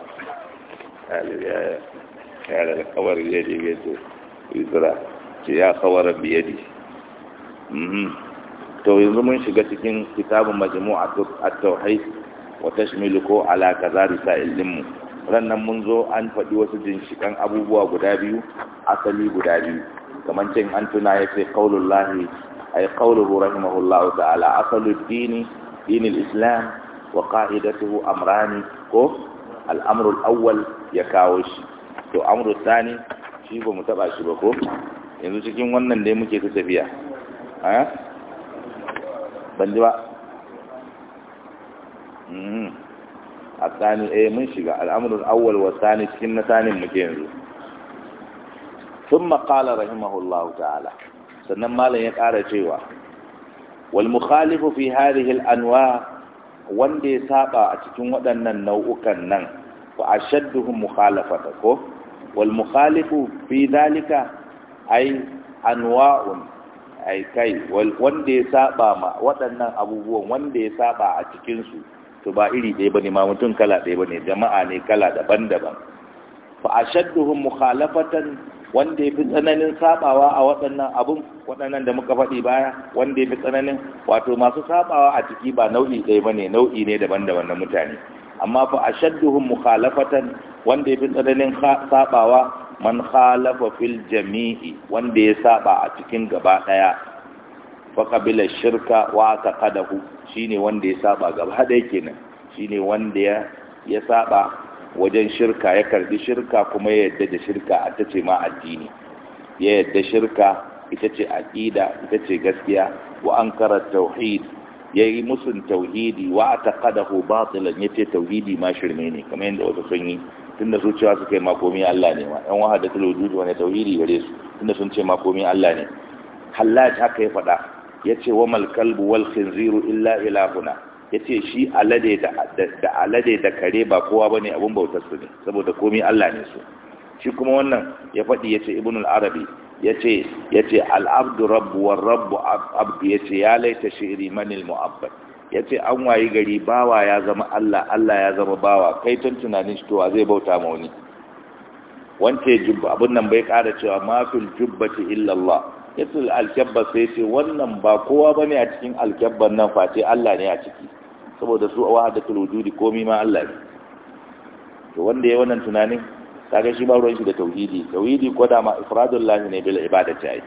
ya da kawar biyadi ya ce ya kawar biyadi mm-hmm. to yanzu mun shiga cikin kitabun majmu'a at-tauhid wa tashmilu ko ala kaza risail mu rannan mun zo an faɗi wasu jinshikan abubuwa guda biyu asali guda biyu kamar cin an tuna ya yace qaulullahi ay qauluhu rahimahullahu ta'ala asalu dini dinil islam wa qa'idatuhu amrani ko al-amru al-awwal ya kawo shi to amru shi ba mu taba shi ba ko yanzu cikin wannan dai muke ta tafiya ha? ban ji ba hmm. a tsani eh mun shiga al'amurin awwal wa tsani cikin na tsanin muke yanzu sun maƙala rahimahullahu ta'ala sannan malam ya ƙara cewa wal mukhalifu fi hadhihi al anwa wanda ya saba a cikin waɗannan nau'ukan nan fa ashadduhum mukhalafata ko wal mukhalifu fi dhalika ay anwa'un ai kai wanda ya saba ma waɗannan abubuwan wanda ya saba a cikin su to ba iri ɗaya bane ma mutum kala ɗaya bane jama'a ne kala daban-daban fa ashadduhum mukhalafatan wanda ya fi tsananin sabawa a waɗannan abun waɗannan da muka faɗi baya wanda ya fi tsananin wato masu sabawa a ciki ba nau'i ɗaya bane nau'i ne daban-daban na mutane amma fa ashadduhum mukhalafatan wanda ya fi tsananin sabawa man khalafa fil jami'i wanda ya saba a cikin gaba daya fa kabila shirka wa taqadahu shine wanda ya saba gaba daya kenan shine wanda ya ya saba wajen shirka ya karbi shirka kuma ya yadda da shirka a tace ma addini ya yadda shirka ita ce aqida ita ce gaskiya wa ankara tauhid yayi musun tauhidi wa taqadahu batilan yace tauhidi ma shirme ne kamar yadda wasu sun yi tunda su cewa suka yi makomi Allah ne ma yan wahada tul wujud wani tauhidi gare su tunda sun ce makomi Allah ne hallaj haka ya faɗa yace wa mal kalbu wal khinziru illa ilahuna yace shi alade da alade da kare ba kowa ne abin bautar su ne saboda komi Allah ne su shi kuma wannan ya faɗi yace ibnul arabi yace yace al abdu rabbu war rabbu abdu yace ya laita shi'ri manil mu'abbad ya ce an wayi gari bawa ya zama Allah Allah ya zama bawa kai tun tunanin shi towa zai bauta ma wani wance jubba abin nan bai ƙara cewa mafil jubbati illallah yasul alkabba sai ce wannan ba kowa bane a cikin alkabban nan face Allah ne a ciki saboda su wahadatul wujudi komai ma Allah ne to wanda ya wannan tunanin kaga shi ba ruwan shi da tauhidi tauhidi ko da ma lah ne bil ibadati ai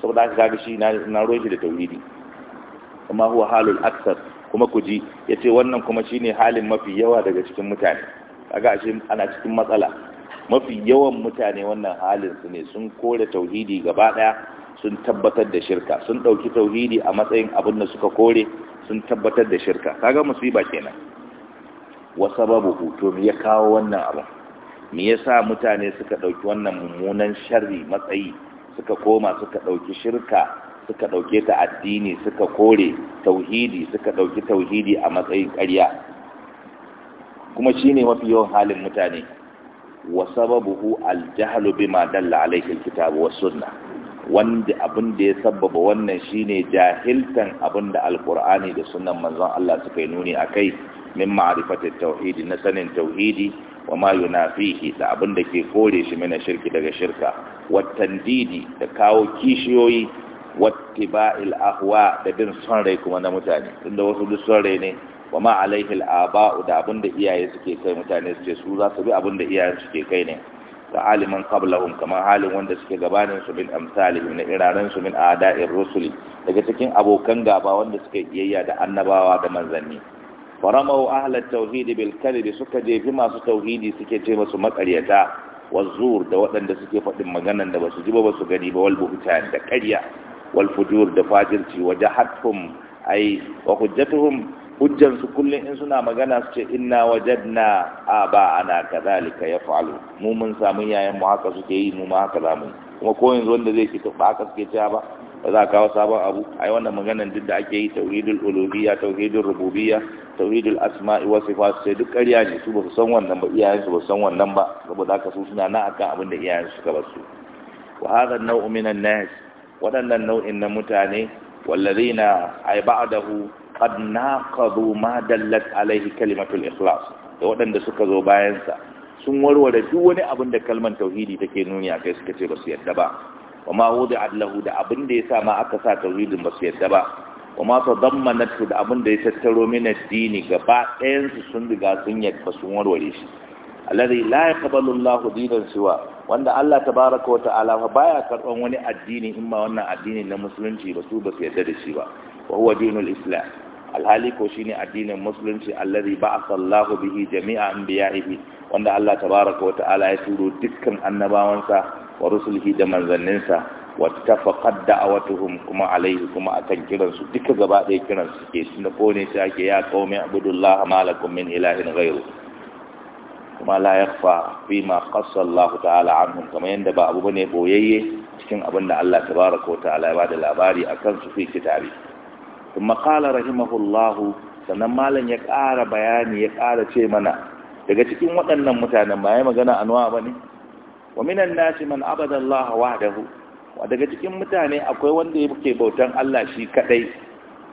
saboda kaga shi na ruwan shi da tauhidi amma huwa halul aksar kuma ku ji ya ce wannan kuma shi ne halin mafi yawa daga cikin mutane kaga shi ana cikin matsala mafi yawan mutane wannan halin ne sun kore tauhidi gaba ɗaya sun tabbatar da shirka sun ɗauki tauhidi a matsayin abin da suka kore sun tabbatar da shirka kaga musiba kenan Wasu babu to ya kawo wannan abu me yasa mutane suka ɗauki wannan mummunan sharri matsayi suka koma suka ɗauki shirka suka ɗauke ta addini suka kore tauhidi suka ɗauki tauhidi a matsayin ƙarya kuma shi ne mafi yawan halin mutane wa sababuhu aljahalu bima dalla alaihi kitabu was sunna wanda abin da ya sababa wannan shine jahiltan abin da Alkur'ani da sunnan manzon Allah suka yi nuni kai, min ma'rifati tauhidi na sanin tauhidi wa ma yunafihi da abin da ke kore shi mana shirki daga shirka wa tandidi da kawo kishiyoyi Wattiba ahwa da bin son rai kuma na mutane tunda wasu duk son rai ne wa ma alaihi aba'u da abin da iyaye suke kai mutane su ce su za su bi abin da iyaye suke kai ne ka aliman qablahum kamar halin wanda suke gabanin su bin amsalihim na iraren su min ada'ir rusuli daga cikin abokan gaba wanda suke iyayya da annabawa da manzanni faramau ahlat tauhidi bil kalbi suka jefi masu tauhidi suke ce masu makaryata wazur da waɗanda suke faɗin maganan da basu ji ba basu gani ba wal buhtan da ƙarya wal fujur da fajirci wajahatuhum ai wa hujjatuhum hujjan kullum in suna magana su ce inna wajadna aba ana kadhalika yaf'alu mu mun samu yayan haka suke yi mu ma haka zamu kuma ko yanzu wanda zai fito ba haka suke cewa ba ba za kawo sabon abu ai wannan maganan duk da ake yi tauhidul uluhiyya tauhidul rububiyya tauhidul asma'i wa sifat sai duk ƙarya ne su ba su san wannan ba su ba su san wannan ba saboda haka su suna akan abin iyayen su suka basu waɗannan nau'in na mutane wallazina na ba'dahu qad naqadu ma dallat alaihi kalimatul ikhlas da waɗanda suka zo bayan sa sun warware duk wani abin da kalmar tauhidi take nuni a kai suka ce ba su yadda ba wa ma wudi'at da abin da yasa ma aka sa tauhidin ba su yadda ba wa ma tadammanatu da abin da ya tattaro min addini gaba ɗayan sun riga sun yadda sun warware shi alladhi la yaqbalu Allahu dinan siwa wanda Allah baraka wa ta'ala baya karɓan wani addini in ma wannan addini na musulunci ba su ba su yarda da shi ba wa huwa dinul islam alhali ko shine addinin musulunci Alladhi ba'atha Allahu bihi jami'a anbiya'ihi wanda Allah ta wa ta'ala ya turo dukkan annabawansa wa rusulihi da manzanninsa wa tafaqad da'awatuhum kuma alaihi kuma akan kiran su duka gaba ɗaya kiran su ke suna kone shi ake ya qaumi abudullah ma lakum min ilahin ghayru kuma la fa fi ma qassa Allah ta'ala anhu kamar yanda ba abu bane boyayye cikin abin da Allah tabaaraka wa ta'ala ya bada labari akan su fi kitabi kuma qala rahimahullahu sannan malam ya ƙara bayani ya ƙara ce mana daga cikin waɗannan mutanen ba ya magana anwa ba wa minan nasi man abada Allah wahdahu wa daga cikin mutane akwai wanda yake bautan Allah shi kadai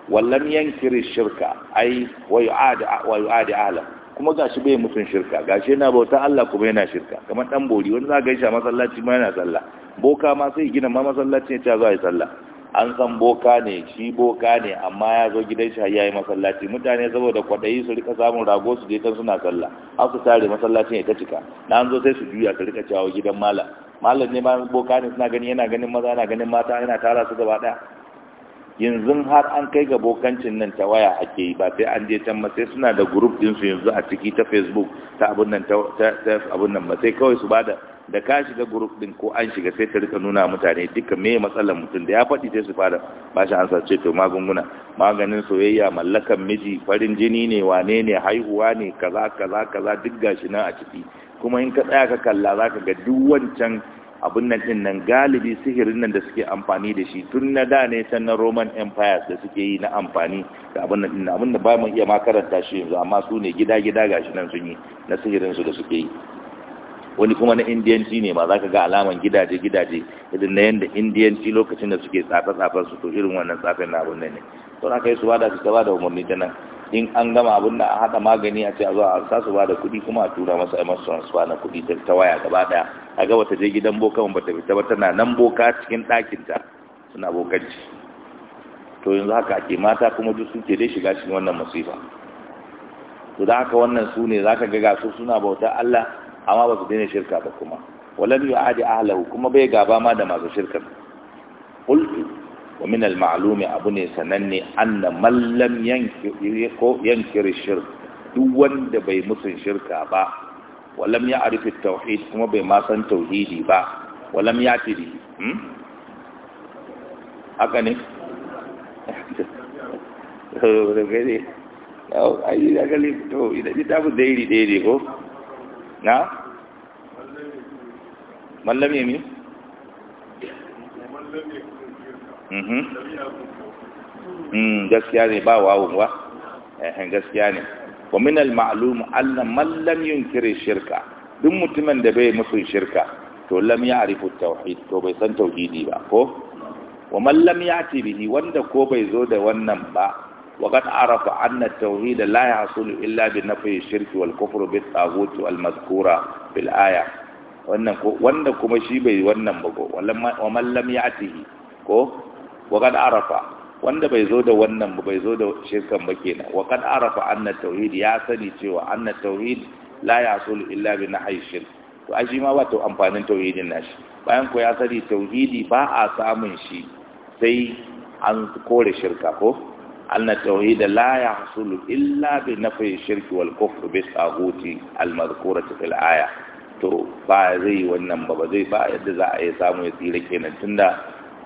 wallam yankiri shirka ai wa yu'adi wa yu'adi alam kuma gashi bai mutun shirka gashi yana bauta Allah kuma yana shirka kamar dan bori wani za ga shi a masallaci ma yana sallah boka ma sai gina ma masallaci ya zo yi sallah an san boka ne shi boka ne amma ya zo gidan shi ya yi masallaci mutane saboda kwaɗayi su rika samun rago su je ta suna sallah har su tare masallacin ya ta cika na zo sai su juya su rika cewa gidan malam malam ne ma boka ne suna gani yana ganin maza yana ganin mata yana tara su gaba daya yanzu har an kai ga bokancin nan ta waya ake yi ba sai an je can sai suna da group din su yanzu a ciki ta Facebook ta abun nan ta abun nan ba sai kawai su bada da ka shiga group din ko an shiga sai ta rika nuna mutane duka me matsalar mutum da ya faɗi sai su fara ba shi ansa ce to magunguna maganin soyayya mallakan miji farin jini ne wane ne haihuwa ne kaza kaza kaza duk gashi nan a ciki kuma in ka tsaya ka kalla zaka ga duk wancan abin nan din nan galibi sihirin nan da suke amfani da shi tun na da ne can na roman empires da suke yi na amfani da abin nan din abin da ba mu iya makaranta shi yanzu amma su ne gida gida gashi nan sun yi na sihirin su da suke yi wani kuma na indiyanci ne ma za ka ga alaman gidaje gidaje idan na yanda indiyanci lokacin da suke tsafe su to irin wannan tsafen na abin nan ne suna kai su bada su ta da umarni ta nan in an gama abin da a haɗa magani a ce a zo a sa su bada kuɗi kuma a tura masa a masu su bada kuɗi ta waya gaba ɗaya a gaba ta je gidan boka ba ta fita ba tana nan boka cikin ta suna bokanci to yanzu haka ake mata kuma duk suke dai shiga cikin wannan masifa to da haka wannan su ne za ka ga gasu suna bauta Allah amma ba su daina shirka ba kuma walam yu'adi ahlahu kuma bai gaba ma da masu shirkar qultu wa min al-ma'lumi abu ne sananne anna man lam yanki ko yankiri shirk duk wanda bai mutun shirka ba wa lam ya'rif at kuma bai ma san ba wa lam ya'ti hmm? haka ne Mhm. Hmm, gaskiya ne ba wawun ba gaskiya ne wa min al-ma'lum anna man lam yunkir shirka duk mutumin da bai musu shirka to lam ya'rifu tauhid to bai san tauhidi ba ko wa man lam ya'ti bihi wanda ko bai zo da wannan ba wa qad arafa anna at-tauhid la yahsulu illa bi nafyi shirki wal kufru bi at-taghut wal mazkura bil aya wannan ko wanda kuma shi bai wannan ba ko wa man lam ya'ti ko wa arafa wanda bai zo da wannan ba bai zo da shirkan ba kenan wa qad arafa anna tauhid ya sani cewa anna tauhid la yasulu illa bi nahyi shirk to aji ma wato amfanin tauhidin nashi bayan ko ya sani tauhidi ba a samun shi sai an kore shirka ko anna tauhid la yasulu illa bi nafyi shirk wal kufr bi taghuti al madhkurati fil aya to ba zai wannan ba ba zai ba yadda za a yi samu ya tsira kenan tunda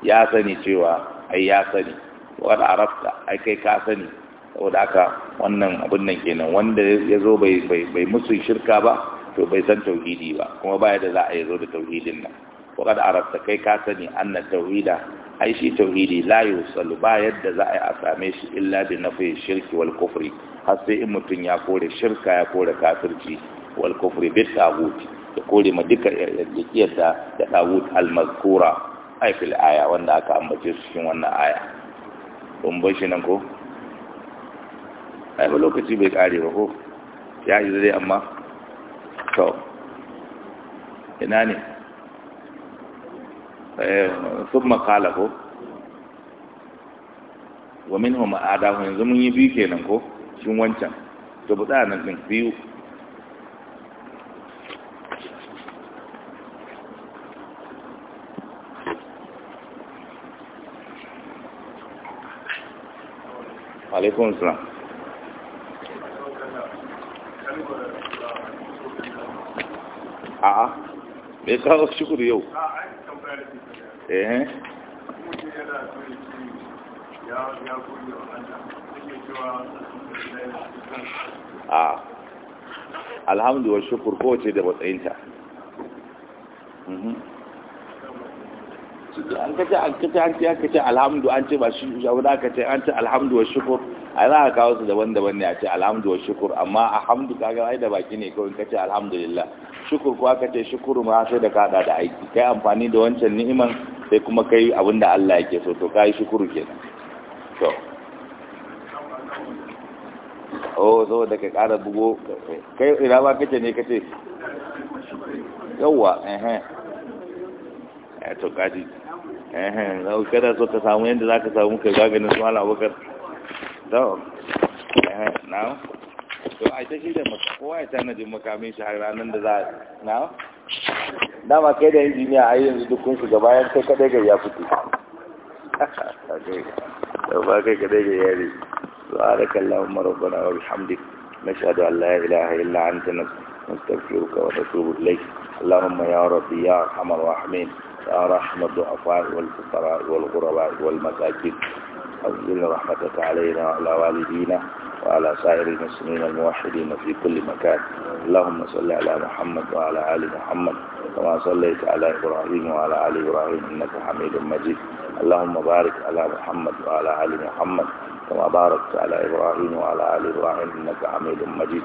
ya sani cewa ai ya sani wa arafta ai kai ka sani saboda haka wannan abin nan kenan wanda ya zo bai bai musu shirka ba to bai san tauhidi ba kuma baya da za a yi zo da tauhidin nan wa kad arafta kai ka sani anna tauhida ai shi tauhidi la yusallu ba yadda za a yi a same shi illa bi nafi shirki wal kufri har sai in mutum ya kore shirka ya kore kafirci wal kufri bi tagut ya kore ma duka yadda da tagut al mazkura aifil aya wanda aka ambace su cikin wannan aya don bai shi nan ko ai ba lokaci bai kare ba ko ya yi zai amma to ina ne sun eh, makala ko wa min homa yanzu mun yi biyu kenan ko Shin wancan to bu nan ɗin biyu alaikun salam a me kawo shukur yau eh a alhamdu shukur kowace da matsayinta mhm. an kace an kace an ce aka ce alhamdu an ce ba shi abu da aka ce an ce alhamdu wa shukur ai za ka kawo su daban-daban ne a ce alhamdu wa shukur amma alhamdu kaga ai da baki ne kawai kace alhamdulillah shukur ko aka ce shukuru ma sai da kada da aiki kai amfani da wancan ni'iman sai kuma kai abin da Allah yake so to kai shukuru kenan to oh so da ka kara bugo kai ina ba kace ne kace yawa eh, eh eh to kaji eh kada so ka samu za ka samu kai gaganin su Allah bakar to eh now to ai take da maka kowa ya tanadi makamin shi har ranan da za now dama kai da injiniya ai yanzu duk kun shiga bayan kai kadai ya fito ba kai kadai ga yare subhanakallahumma rabbana wa bihamdik نشهد أن لا إله إلا أنت نستغفرك ونتوب Allahumma ya rabbi ya يا wa amin. رحمة الضعفاء والفقراء والغرباء والمساكين أنزل رحمتك علينا وعلى والدينا وعلى سائر المسلمين الموحدين في كل مكان اللهم صل على محمد وعلى آل محمد كما صليت على إبراهيم وعلى آل إبراهيم إنك حميد مجيد اللهم بارك على محمد وعلى آل محمد كما باركت على إبراهيم وعلى آل إبراهيم إنك حميد مجيد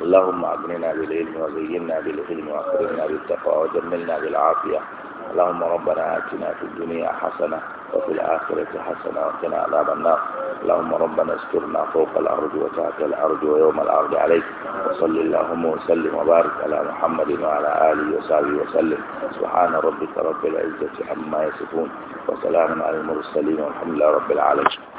اللهم أغننا بالعلم وزينا بالعلم وأكرمنا بالتقوى وجملنا بالعافية اللهم ربنا آتنا في الدنيا حسنة وفي الآخرة حسنة وقنا عذاب النار اللهم ربنا استرنا فوق الأرض وتحت الأرض ويوم الأرض عليك وصل اللهم وسلم وبارك على محمد وعلى آله وصحبه وسلم سبحان ربك رب العزة عما يصفون وسلام على المرسلين والحمد لله رب العالمين